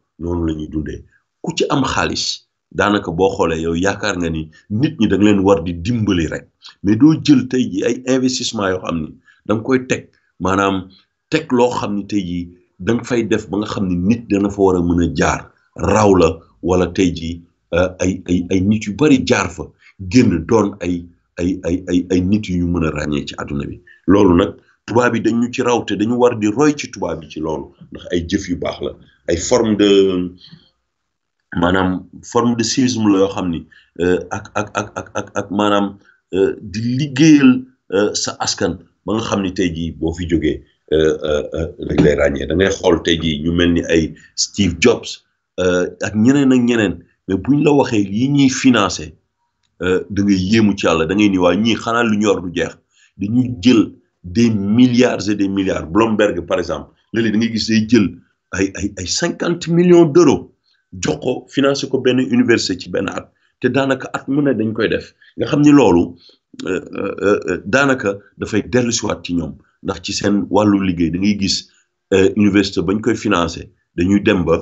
noonu la ñuy dundee ku ci am xaalis daanaka boo xoolee yow yaakaar nga ni nit ñi da nga leen war di dimbali rek mais doo jël tey ji ay investissement yoo xam ni da nga koy teg maanaam teg loo xam ni tey jii da nga fay def ba nga xam ni nit dana fa war a mën a jaar raw la wala tey jii euh, ay ay ay nit yu bari jaar fa génn doon ay ay ay ay ay nit yu ñu mën a ràññee ci àdduna bi loolu nag tubaab yi dañu ci raw te dañu war di roy ci tubaab yi ci loolu ndax ay jëf yu baax la ay forme de maanaam forme de civisme la yoo xam ni euh, ak ak ak ak ak ak maanaam euh, di liggéeyal euh, sa askan ba nga xam ni tey jii boo fi jógee rek lay ràññee da ngay xool tey jii ñu mel ni ay Steve Jobs ak ñeneen a ñeneen mais buñ la waxee yi ñuy financé da ngay yéemu ci yàlla da ngay ni waa ñii xanaa lu ñor du jeex dañuy jël des milliards et des milliards Bloomberg par exemple léeg-léeg da gis day jël. ay ay ay cinquante millions d'euros jox ko ko benn université ci benn at te daanaka at mu ne dañ koy def nga xam ni loolu euh, euh, euh, daanaka dafay dellusiwaat ci ñoom ndax ci seen wàllu liggéey da gis université bañ koy finance dañuy dem ba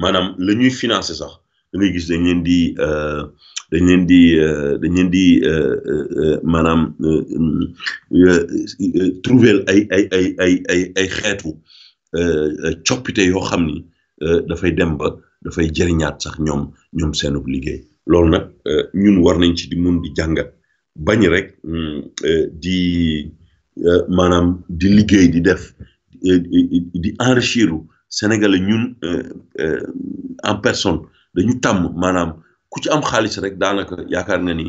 maanaam la ñuy financé sax da ngay gis dañ leen di dañ leen di dañ leen di maanaam trouver ay ay ay ay ay ay xeetu. Euh, euh, coppite yoo xam ni euh, dafay dem ba dafay jëriñaat sax ñoom ñoom seenub liggéey loolu nag ñun war nañ ci di mun di jàngat bañ rek mm, di maanaam di liggéey di def di enrichiru sénégalais ñun en personne dañu tàmm maanaam ku ci am xaalis rek daanaka yaakaar nga ni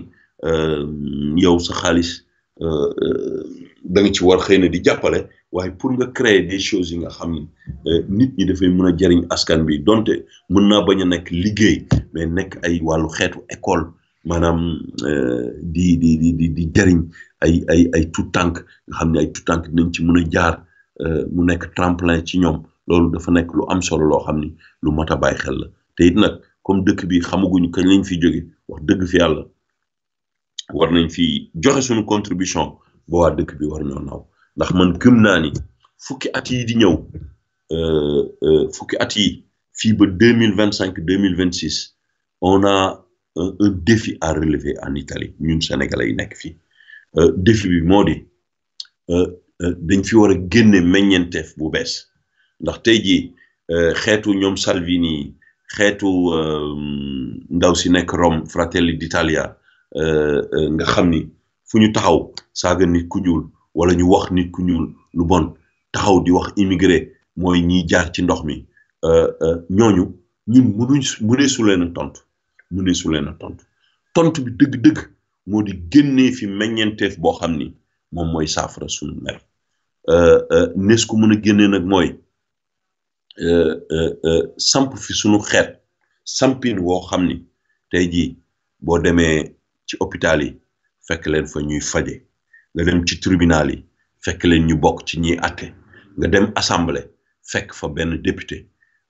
yow sa xaalis Euh, euh, da nga ci war xëy na di jàppale waaye pour nga créer des choses yi nga xam ni euh, nit ñi dafay mën a jariñ askan bi donte mun naa bañ a nekk liggéey mais nekk ay wàllu xeetu école maanaam di di di di jariñ ay ay ay tout tànk nga xam ne ay tout tànk dinañ ci mën a jaar mu nekk tremplin ci ñoom loolu dafa nekk lu am solo loo xam ni lu mat a bàyyi xel la te it nag comme dëkk bi xamaguñu kañ lañ fi jóge wax dëgg fi yàlla. war nañ fi joxe suñu contribution ba waa dëkk bi war ñoo naw ndax man gëm naa ni fukki at yi di ñëw euh, euh, fukki at yi fii ba deux mille vingt cinq deux mille vingt six on a un défi à relever en Italie ñun sénégalais yi nekk fii euh, défi bi moo di dañ fi war a génne meññeenteef bu bees ndax tey jii xeetu ñoom Salvini xeetu ndaw si nekk Rome Fratelli d'Italia Euh, euh, nga xam ni fu ñu taxaw saaga nit ku ñuul wala ñu wax ni ku ñuul lu bon taxaw di wax immigré mooy ñiy jaar ci ndox mi euh, ñooñu ñun mënuñ mënee su leen a tontu mënee su leen a tontu tontu bi dëgg-dëgg moo di génnee fi meññeenteef boo xam ni moom mooy saafara suñu mer nees ku mën a génnee nag mooy samp fi suñu xeet sampin woo xam ni te jii boo demee. ci hôpital yi fekk leen fa ñuy faje nga dem ci tribunal yi fekk leen ñu bokk ci ñiy atté nga dem assemblée fekk fa benn député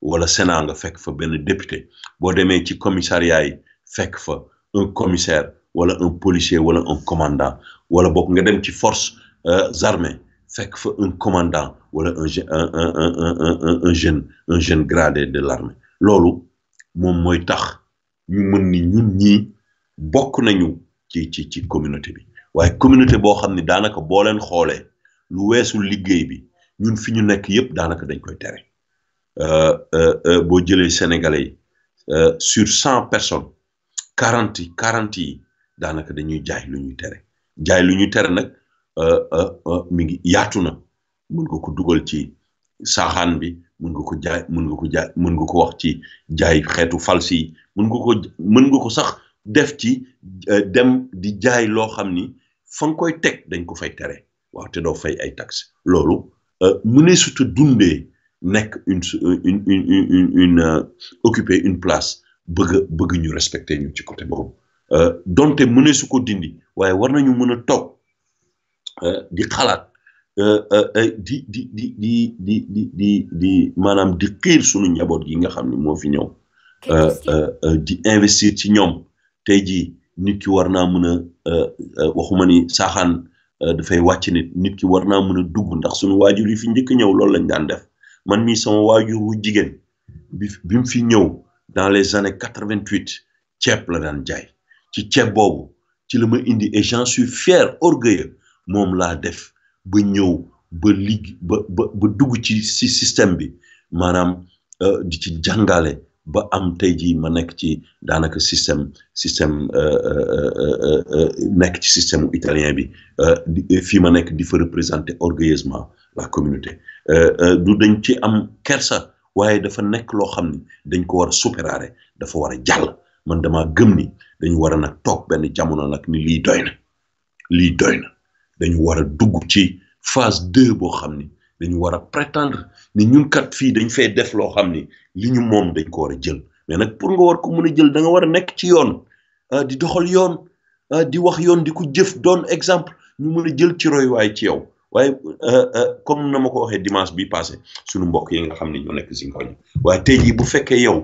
wala sénat nga fekk fa benn député boo demee ci commissariat yi fekk fa un commissaire wala un policier wala un commandant wala bokk nga dem ci force euh, armée fekk fa un commandant wala un un un un jeune un jeune gradé de l'armée loolu moom mooy tax ñu mën ni ñun ñii bokk nañu ci ci ci communauté bi waaye communauté boo xam ne daanaka boo leen xoolee lu weesul liggéey bi ñun fi ñu nekk yëpp daanaka dañ koy tere euh, euh, euh, boo jëlee sénégalais yi sur cent personnes quarante yi quarante yi daanaka dañuy jaay lu ñuy tere jaay lu ñuy tere nag mi ngi yaatu na mën nga ko dugal ci saaxaan bi mën nga ko jaay mën nga ko jaay mun nga ko wax ci jaay xeetu fals yi mun nga ko mën nga ko sax def ci euh, dem di jaay loo xam ni fa koy teg dañ ko fay tere waaw te doo fay ay taxes loolu euh, mu ne surtout nekk une une une une euh, occuper une place bëgg bëgg ñu respecter ñu ci côté boobu donte mu su ko dindi waaye war nañu mën a toog di xalaat di di di di di di maanaam di xiir sunu njaboot gi nga xam ni moo fi ñëw di investir ci ñoom. tey jii nit ki war naa mën a euh, euh, waxuma ni saaxaan euh, dafay wàcc nit nit ki war naa mën a dugg ndax suñu waajur yi fi njëkk ñëw loolu lañ daan def man mii sama waajur wu jigéen bi bi mu fi ñëw dans les années quatre-vingt-huit ceeb la daan jaay ci ceeb boobu ci la ma indi et j'en suis fier orgueilleux moom laa def ba ñëw ba ligg ba dugg ci si système bi maanaam di ci jàngale ba am tey jii ma nekk ci daanaka système système euh, euh, euh, nekk ci système italien bi fii ma nekk di fa représenter orgueilleusement la communauté du dañ ci am kersa waaye dafa nekk loo xam ni dañ ko war a supéraare dafa war a jàll man dama gëm ni dañ war a nag toog benn jamono nag ni lii doy na lii doy na dañu war a dugg ci phase deux boo xam ni dañu war a prétendre ni ñun kat fii dañ fee def loo xam ni li ñu moom dañ ko war a jël mais nag pour nga war ko mën a jël da nga war a nekk ci yoon ah, di doxal yoon ah, di wax yoon di ko jëf doon exemple ñu mën a jël ci royuwaay ci yow waaye ah, comme na ma ko waxee dimanche bi passé suñu mbokk yi nga xam ne ñoo nekk si ngooñ waaye tey jii bu fekkee yow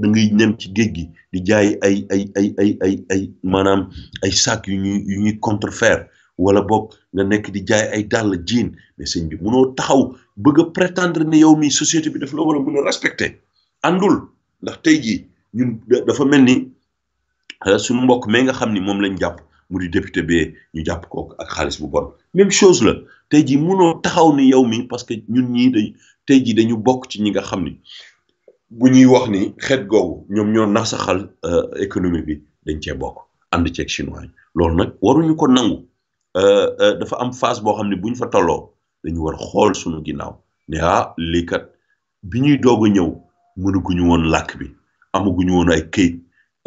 da ngay nem ci géej gi di jaay ay ay ay ay ay ay maanaam ay sac yu ñuy yu ñuy contrefaire wala bok nga nek di jaay ay dal jiin mais sëñ bi mëno taxaw bëgg prétendre ne yow mi société bi daf la wara mëna respecter andul ndax tay ji ñun dafa melni ni ah, suñu mbokk me nga xamni mom lañ mu di député bee ñu japp ko ak xaaliss bu bon même chose la tay ji mëno taxaw ni yow mi parce que ñun ñi dañ tey jii dañu bok ci ñi nga xamni bu ñuy wax ni xet googu ñom ñoo nasaxal euh, économie bi dañ bok and ci ak chinois lool nak waru ñu ko nangu Euh, euh, dafa am phase boo xam ne bu ñu fa tolloo dañu war xool suñu ginnaaw ni ah lii kat bi ñuy doog a ñëw mënaguñu woon làkk bi amaguñu woon ay këyit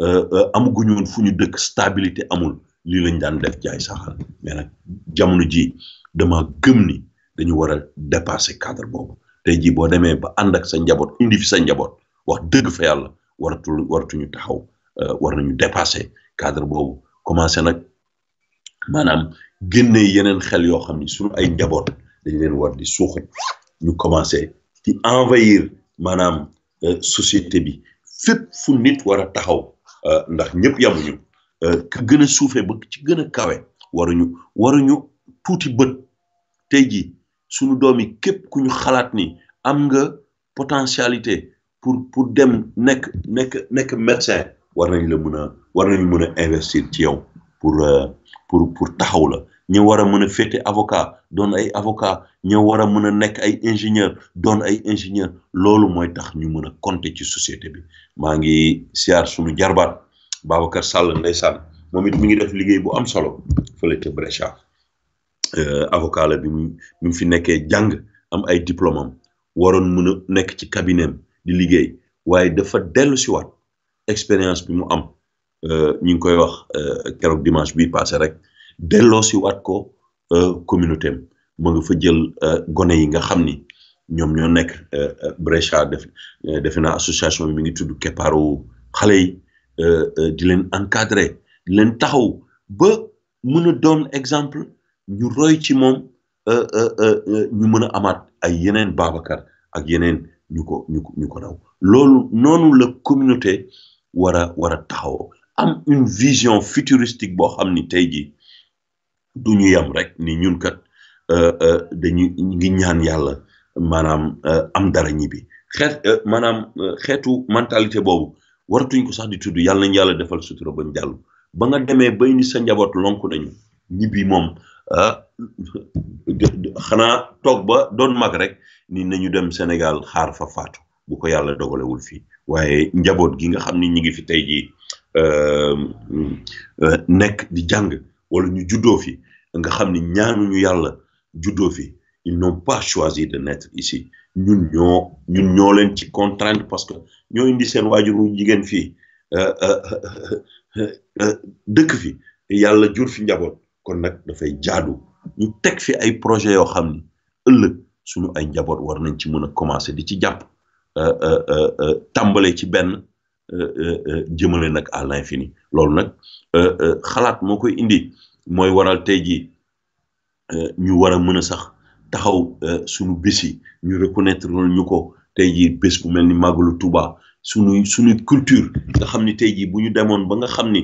euh, amaguñu woon fu ñu dëkk stabilité amul lii lañ daan def jaay saxal mais nag jamono ji dama gëm ni dañu war a dépasser cadre boobu tey jii boo demee ba ànd ak sa njaboot indi fi sa njaboot wax dëgg fa yàlla waratul waratuñu taxaw war nañu dépasser cadre boobu commencé nag maanaam génnee yeneen xel yoo xam ni suñu ay njaboot dañ leen war di suuxi ñu commencé di envahir maanaam société bi fépp fu nit war a taxaw ndax ñëpp yamuñu ka gën a suufee ba ci gën a kawe waruñu waruñu tuuti bët tey jii suñu doom yi képp ku ñu xalaat ni am nga potentialité pour pour dem nekk nekk nekk médecin war nañ la mën a war nañ mën a investir ci yow pour pour pour taxaw la ñëw war a mën a féete avocat doon ay avocat ñëw war a mën a nekk ay ingénieur doon ay ingénieur loolu mooy tax ñu mën a compter ci société bi maa ngi siyaar sunu jarbaat Babacar Sall ndeysaan moom it mi ngi def liggéey bu am solo fële ca Brescia euh, avocat la bi mu mi fi nekkee jàng am ay diplôme am waroon mën a nekk ci cabinet di liggéey waaye dafa dellu si waat expérience bi mu am euh, ñu ngi koy wax euh, keroog dimanche bi passé rek delloo si ko euh, communauté am mu nga fa jël euh, gone yi nga xam ni ñoom ñoo nekk euh, Brescia def defe naa association bi mi ngi tudd keppaaru xale yi di leen encadrer leen taxaw ba mën a doon exemple ñu roy ci moom ñu mën a amaat ay yeneen Babacar ak yeneen ñu ko ñu ko ñu loolu noonu la communauté war a war a taxawoo am une vision futuristique boo xam ni tey jii du ñu yem rek ni ñun kat euh, euh, dañu ngi ñaan yàlla maanaam euh, am dara ñibbi xeet maanaam xeetu mentalité boobu waratuñ ko sax di tudd yàlla nañ yàlla defal sutura bañ jàll ba nga demee ba ni sa njaboot lonk nañu ñibbi moom xanaa toog ba doon mag rek ni nañu dem Sénégal xaar fa faatu bu ko yàlla dogalewul fii waaye njaboot gi nga xam ni ñi ngi fi tey jii nekk di jàng wala ñu juddoo fi nga xam ni ñaanuñu yàlla juddoo fi ils n'ont pas choisi de naître ici ñun ñoo ñun ñoo leen ci contrainte parce que ñoo indi seen waajuru jigéen fii euh, euh, euh, dëkk fi yàlla jur fi njaboot kon nag dafay jaadu ñu teg fi ay projet yoo xam ni ëllëg suñu ay njaboot war nañ ci mën a commencer di ci jàpp tàmbale ci benn jëmale nag à l'infini loolu nag euh, euh, xalaat moo koy indi mooy waral tey jii euh, ñu war a mën a sax taxaw suñu bés yi ñu reconnaître ñu ko tey jii bés bu mel ni màggalu tubaa suñuy suñuy culture nga xam ni tey jii bu ñu demoon ba nga xam ni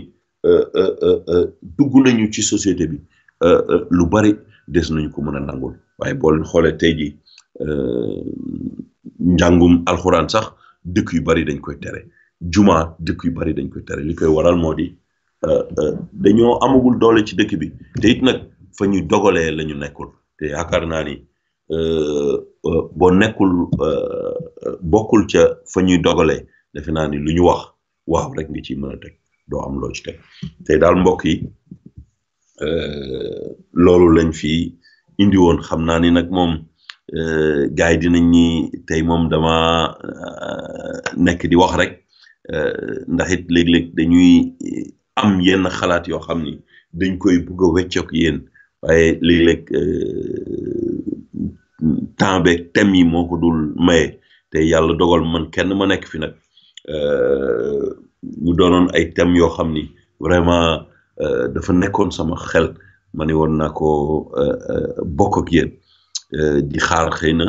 dugg nañu ci société bi lu bari des nañu ko mën a nangul waaye boo xoolee tey jii njàngum alxuraan sax dëkk yu bari dañ koy tere. jumaa dëkk yu bari dañ koy tere li koy waral moo di euh, euh, dañoo amagul doole ci dëkk bi te it fa ñuy dogalee la ñu nekkul te yaakaar naa ni euh, boo nekkul bokkul ca fa ñuy dogalee defe naa ni lu ñu wax waaw rek nga ciy mën a teg doo am loo daal mbokk yi loolu lañ fi indi woon xam naa ni nag moom gars yi dinañ ni tey moom dama nekk di wax rek Euh, ndax it léeg dañuy eh, am yenn xalaat yoo xam ni dañ koy bugg a weccoog yéen waaye léeg euh, temps beeg thème yi moo ko dul maye te yàlla dogal man kenn ma nekk fi nag euh, mu doonoon ay thèmes yoo xam ni vraiment dafa nekkoon sama xel ma ne woon naa ko bokkak ak yéen di xaar xëy na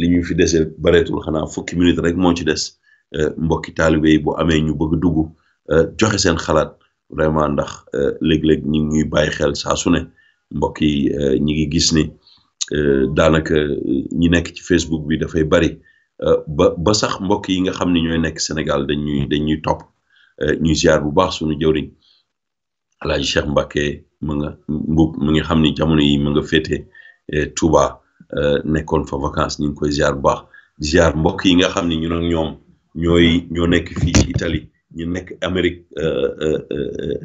li ñu fi dese bareetul xanaa fukki minute rek moo ci des. Euh, mbokki taalibe yi bu amee ñu bëgg dugg euh, joxe seen xalaat vraiment ndax euh, léeg-léeg ñu ngi ñuy bàyyi xel saa su ne mbokk yi ñi ngi gis ni daanaka ñi nekk ci Facebook bi dafay bari ba ba sax mbokk yi nga xam ne ñooy nekk Sénégal dañuy dañuy topp ñuy ziar bu baax suñu jëwriñ Alaaji Cheikh Mbacké mu nga mbub mi nga xam ni jamono yi mu nga féete Touba nekkoon fa vacances ñu ngi koy ziar bu baax ziar mbokk yi nga xam ni ñu ak ñoom ñooy ñoo nekk fii ci Italie ñu nekk Amérique euh, euh, euh,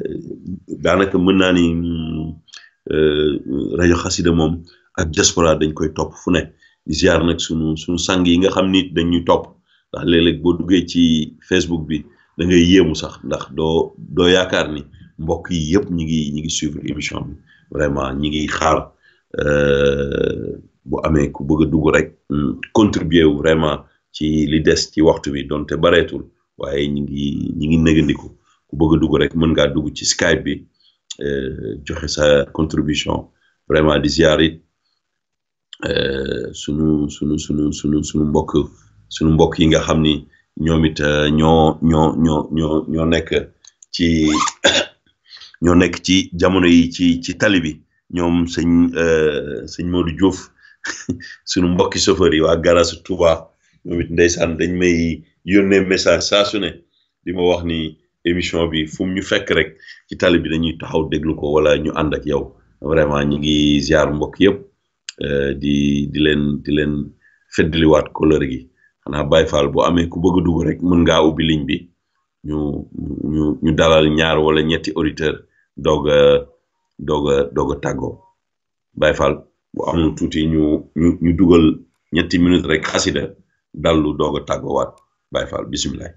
daanaka mën naa ni rajo xasida moom ak diaspora dañ koy top fu ne di ziar nag sunu sunu sang yi nga xam ni dañuy topp ndax léeg-léeg boo duggee ci Facebook bi da ngay yéemu sax ndax doo doo yaakaar ni mbokk yi yëpp ñi ngi ñi ngi suivre émission bi vraiment ñi ngi xaar bu amee ku bëgg a dugg rek mm, contribuer wu vraiment ci li des ci waxtu bi donte bareetul waaye ñi ngi ñi ngi négandiku ku bëgg a dugg rek mën ngaa dugg ci Skype bi euh, joxe sa contribution vraiment di ziar it euh, sunu sunu sunu sunu sunu mbokk sunu mbokk yi nga xam ni ñoom it euh, ñoo ñoo ñoo ñoo ñoo nekk ci ñoo nekk ci jamono yi ci ci tali bi ñoom sëñ sëñ Modou Diouf sunu mbokki chauffeur yi waa garage Touba. ñoom it ndeysaan dañ may yónnee message saa su ne di ma wax ni émission bi fu ñu fekk rek ci tali bi dañuy taxaw déglu ko wala ñu ànd ak yow vraiment ñu ngi ziar mbokk yëpp euh, di di leen di leen feddliwaat couleur gi xanaa Baye Fall boo amee ku bëgg a dugg rek mun ngaa ubbi ligne bi ñu ñu ñu dalal ñaar wala ñetti auditeur doog a doog a doog a tàggoo Baye Fall ñu ñu dugal ñetti minutes rek xasida lu doog a tàggoowaat Baye Fall bisimilah.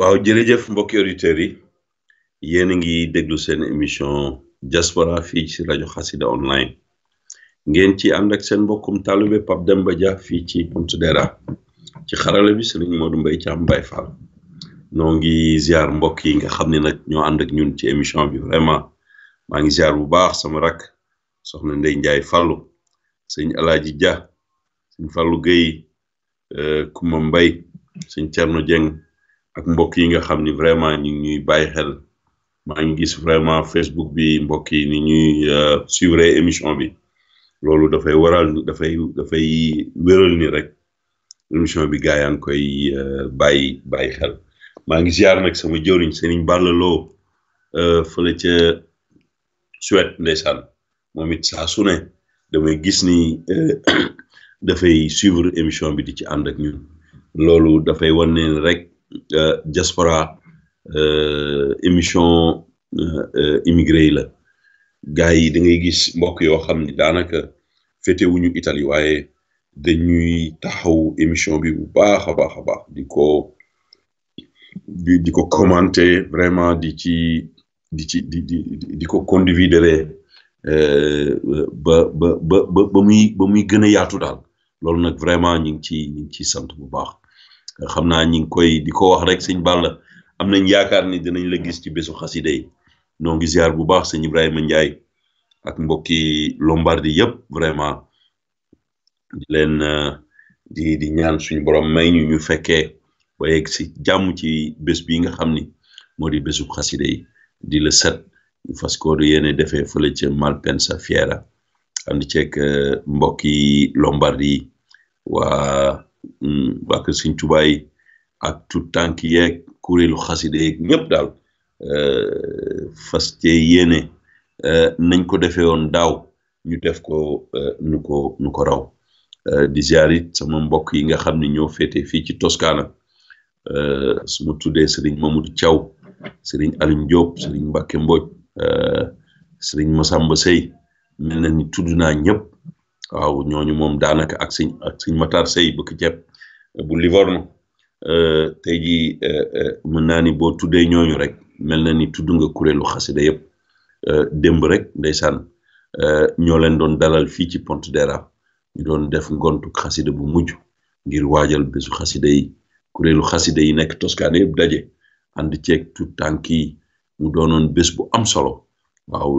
waaw jërëjëf mbokki auditeurs yi yéen a ngi déglu seen émission diaspora fii ci rajo xasida online ngeen ci ànd ak seen mbokkum taalibe Pape Demba Dia fii ci Pontedera ci xarale bi Serigne Modou Mbaye Thiam Baye fal noo ngi ziar mbokk yi nga xam ni nag ñoo ànd ak ñun ci émission bi vraiment maa ngi ziar bu baax sama rak soxna Ndeye Ndiaye Fallu sëñ Alaaji Dia sëñ Fallu Gueye Kumba euh, Mbay sëñ Thierno Dieng ak mbokk yi nga xam ni vraiment ñu ngi ñuy bàyyi xel maa ngi gis vraiment Facebook bi mbokk yi ni ñuy euh, suivre émission bi loolu dafay waral dafay dafay wéral ni rek émission bi gaa yaa ngi koy euh, bàyyi bàyyi xel maa ngi ziar nag sama jëwriñ Serigne Balla Lo euh, fële ca Suède ndeysaan moom it saa su damay gis ni dafay suivre émission bi di ci ànd ak ñun loolu dafay wan rek. Euh, diaspora euh, émission euh, immigré yi la gars yi gis mbokk yo xamni Italie dañuy émission bi bu commenter vraiment di ci di ci di ba vraiment ci xam naa ñi ngi koy di ko wax rek sëñ Balla am nañ yaakaar ni dinañ la gis ci bésu xasida yi noo ngi ziar bu baax sëñ Ibrahima njaay ak mbokki Lombardie yëpp vraiment di leen uh, di di ñaan suñu borom may ñu ñu fekkee ba yegg si jàmm ci bés bi nga xam ni moo di bésu xasida di la set ñu fas koo du yéene defee fële ca Malpensa Fiera ànd ceeg uh, mbokki Lombardie waa. waa kër Sëñ ak tout tànk yeeg kuréelu xaside yeeg ñëpp daal euh, fas cee yéene euh, nañ ko defee woon daaw ñu def ko euh, nu ko nu ko raw di ziar it sama mbokk yi nga xam ni ñoo féete fii ci Toscana su ma tuddee sëriñ Mamadou Thiaw sëriñ Alioune Diop sëriñ mbooj Mbodj sëriñ Massamba Sey mel na ni tudd naa ñëpp. waaw ñooñu moom daanaka ak siñ ak siñ matar sey bëkk ceeb bu livorno euh, tey ji euh, euh, mën naa ni boo tuddee ñooñu rek mel na ni tudd nga kuréelu xasida yëpp démb rek ndeysaan ñoo leen doon dalal fii ci dera, ñu doon def ngontu xasida bu mujj ngir waajal bésu xasida yi kuréelu xasida yi nekk Toscane yëpp daje ànd ceeg tout mu doonoon bés bu am solo waaw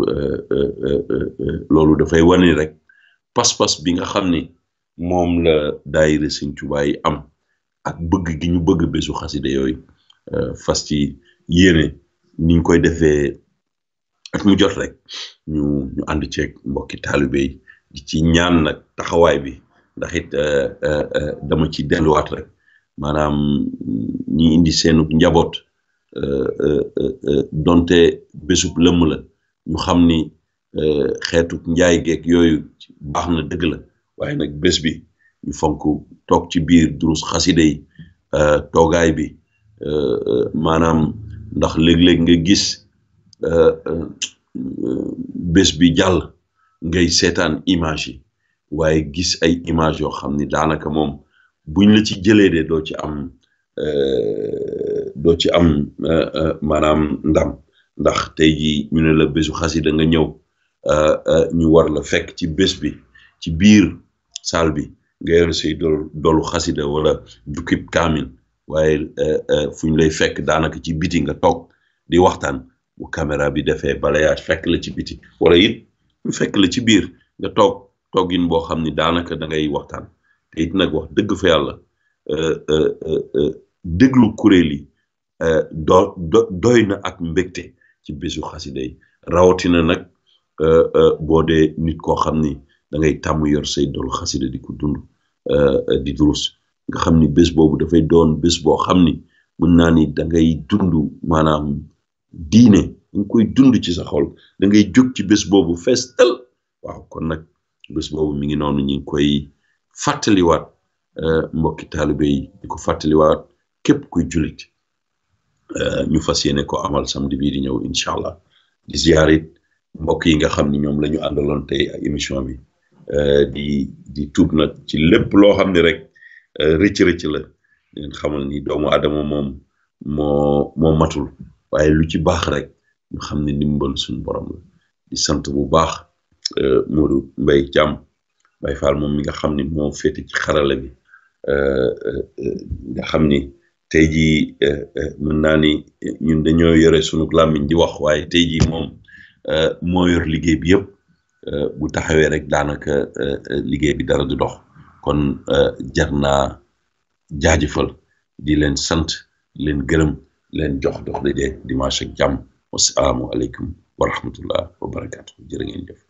loolu dafay wane rek pas-pas bi nga xam ni moom la daayira Sëñ Tuubaa yi am ak bëgg gi ñu bëgg bésu xasida yooyu euh, fas ci yéene niñ koy defee ak mu jot rek ñu ñu ànd ceeg mbokki taalibe di ci ñaan nag taxawaay bi ndax it euh, euh, dama ci delluwaat rek maanaam ñi indi seenu njaboot donte bésub lëmm la ñu xam ni Euh, xeetu njaay geeg yooyu baax na dëgg la waaye nag bés bi ñu fonk toog ci biir durus xasida yi euh, toogaay bi euh, maanaam ndax léeg-léeg nga gis bés bi jàll ngay seetaan image yi waaye gis ay image yoo xam ni daanaka moom buñ la ci jëlee de doo ci am doo ci am maanaam ndam ndax te jii ñu ne la bésu xasida nga ñëw Euh, euh, ñu war la fekk ci bés bi ci biir saal bi nga yore say dolu xasida wala jukkib kaamil waaye euh, fu ñu lay fekk daanaka ci biti nga toog di waxtaan bu caméra bi defee balayage fekk la ci biti wala it ñu fekk la ci biir nga toog toogin boo xam ni daanaka dangay waxtaan te it nag wax dëgg fa yàlla déglu kuréel yi doo doy na ak mbégte ci bésu xasida yi rawatina nag Euh, euh, boo dee nit koo xam ni da ngay tàmm yor say dol xasida di ko dund euh, di durus nga xam ni bés boobu dafay doon bés boo xam ni mën naa ni da ngay dund maanaam diine danga koy dund ci sa xol da ngay jóg ci bés boobu fees tel waaw kon nag bés boobu mi ngi noonu ñu ngi koy fàttaliwaat mbokki taalibe yi di ko fàttaliwaat képp kuy jullit ñu fas yéene ko amal samedi bii di ñëw incha allah di ziarit mbokk yi nga xam ni ñoom lañu ñu àndaloon tey ak émission bi euh, di di tuub na ci lépp loo xam ni rek euh, rëcc rëcc la leen xamal ni doomu Adama moom moo moo matul waaye lu ci baax rek ñu xam ni ndimbal suñu borom la di sant bu baax euh, Modou Mbaye Thiam Baye Fall moom mi nga xam ni moo féete ci xarala bi nga xam ni tey jii mën naa ni ñun dañoo yore sunu làmmiñ di wax waaye tey jii moom. Euh, moo yor liggéey bi yëpp euh, bu taxawee rek daanaka euh, liggéey bi dara du dox kon jar naa jaajëfal di leen sant leen gërëm leen jox dox daje dimanche ak jàmm wasalaamu aleykum wa rahmatullah wa barakaatu jërë ngeen jëf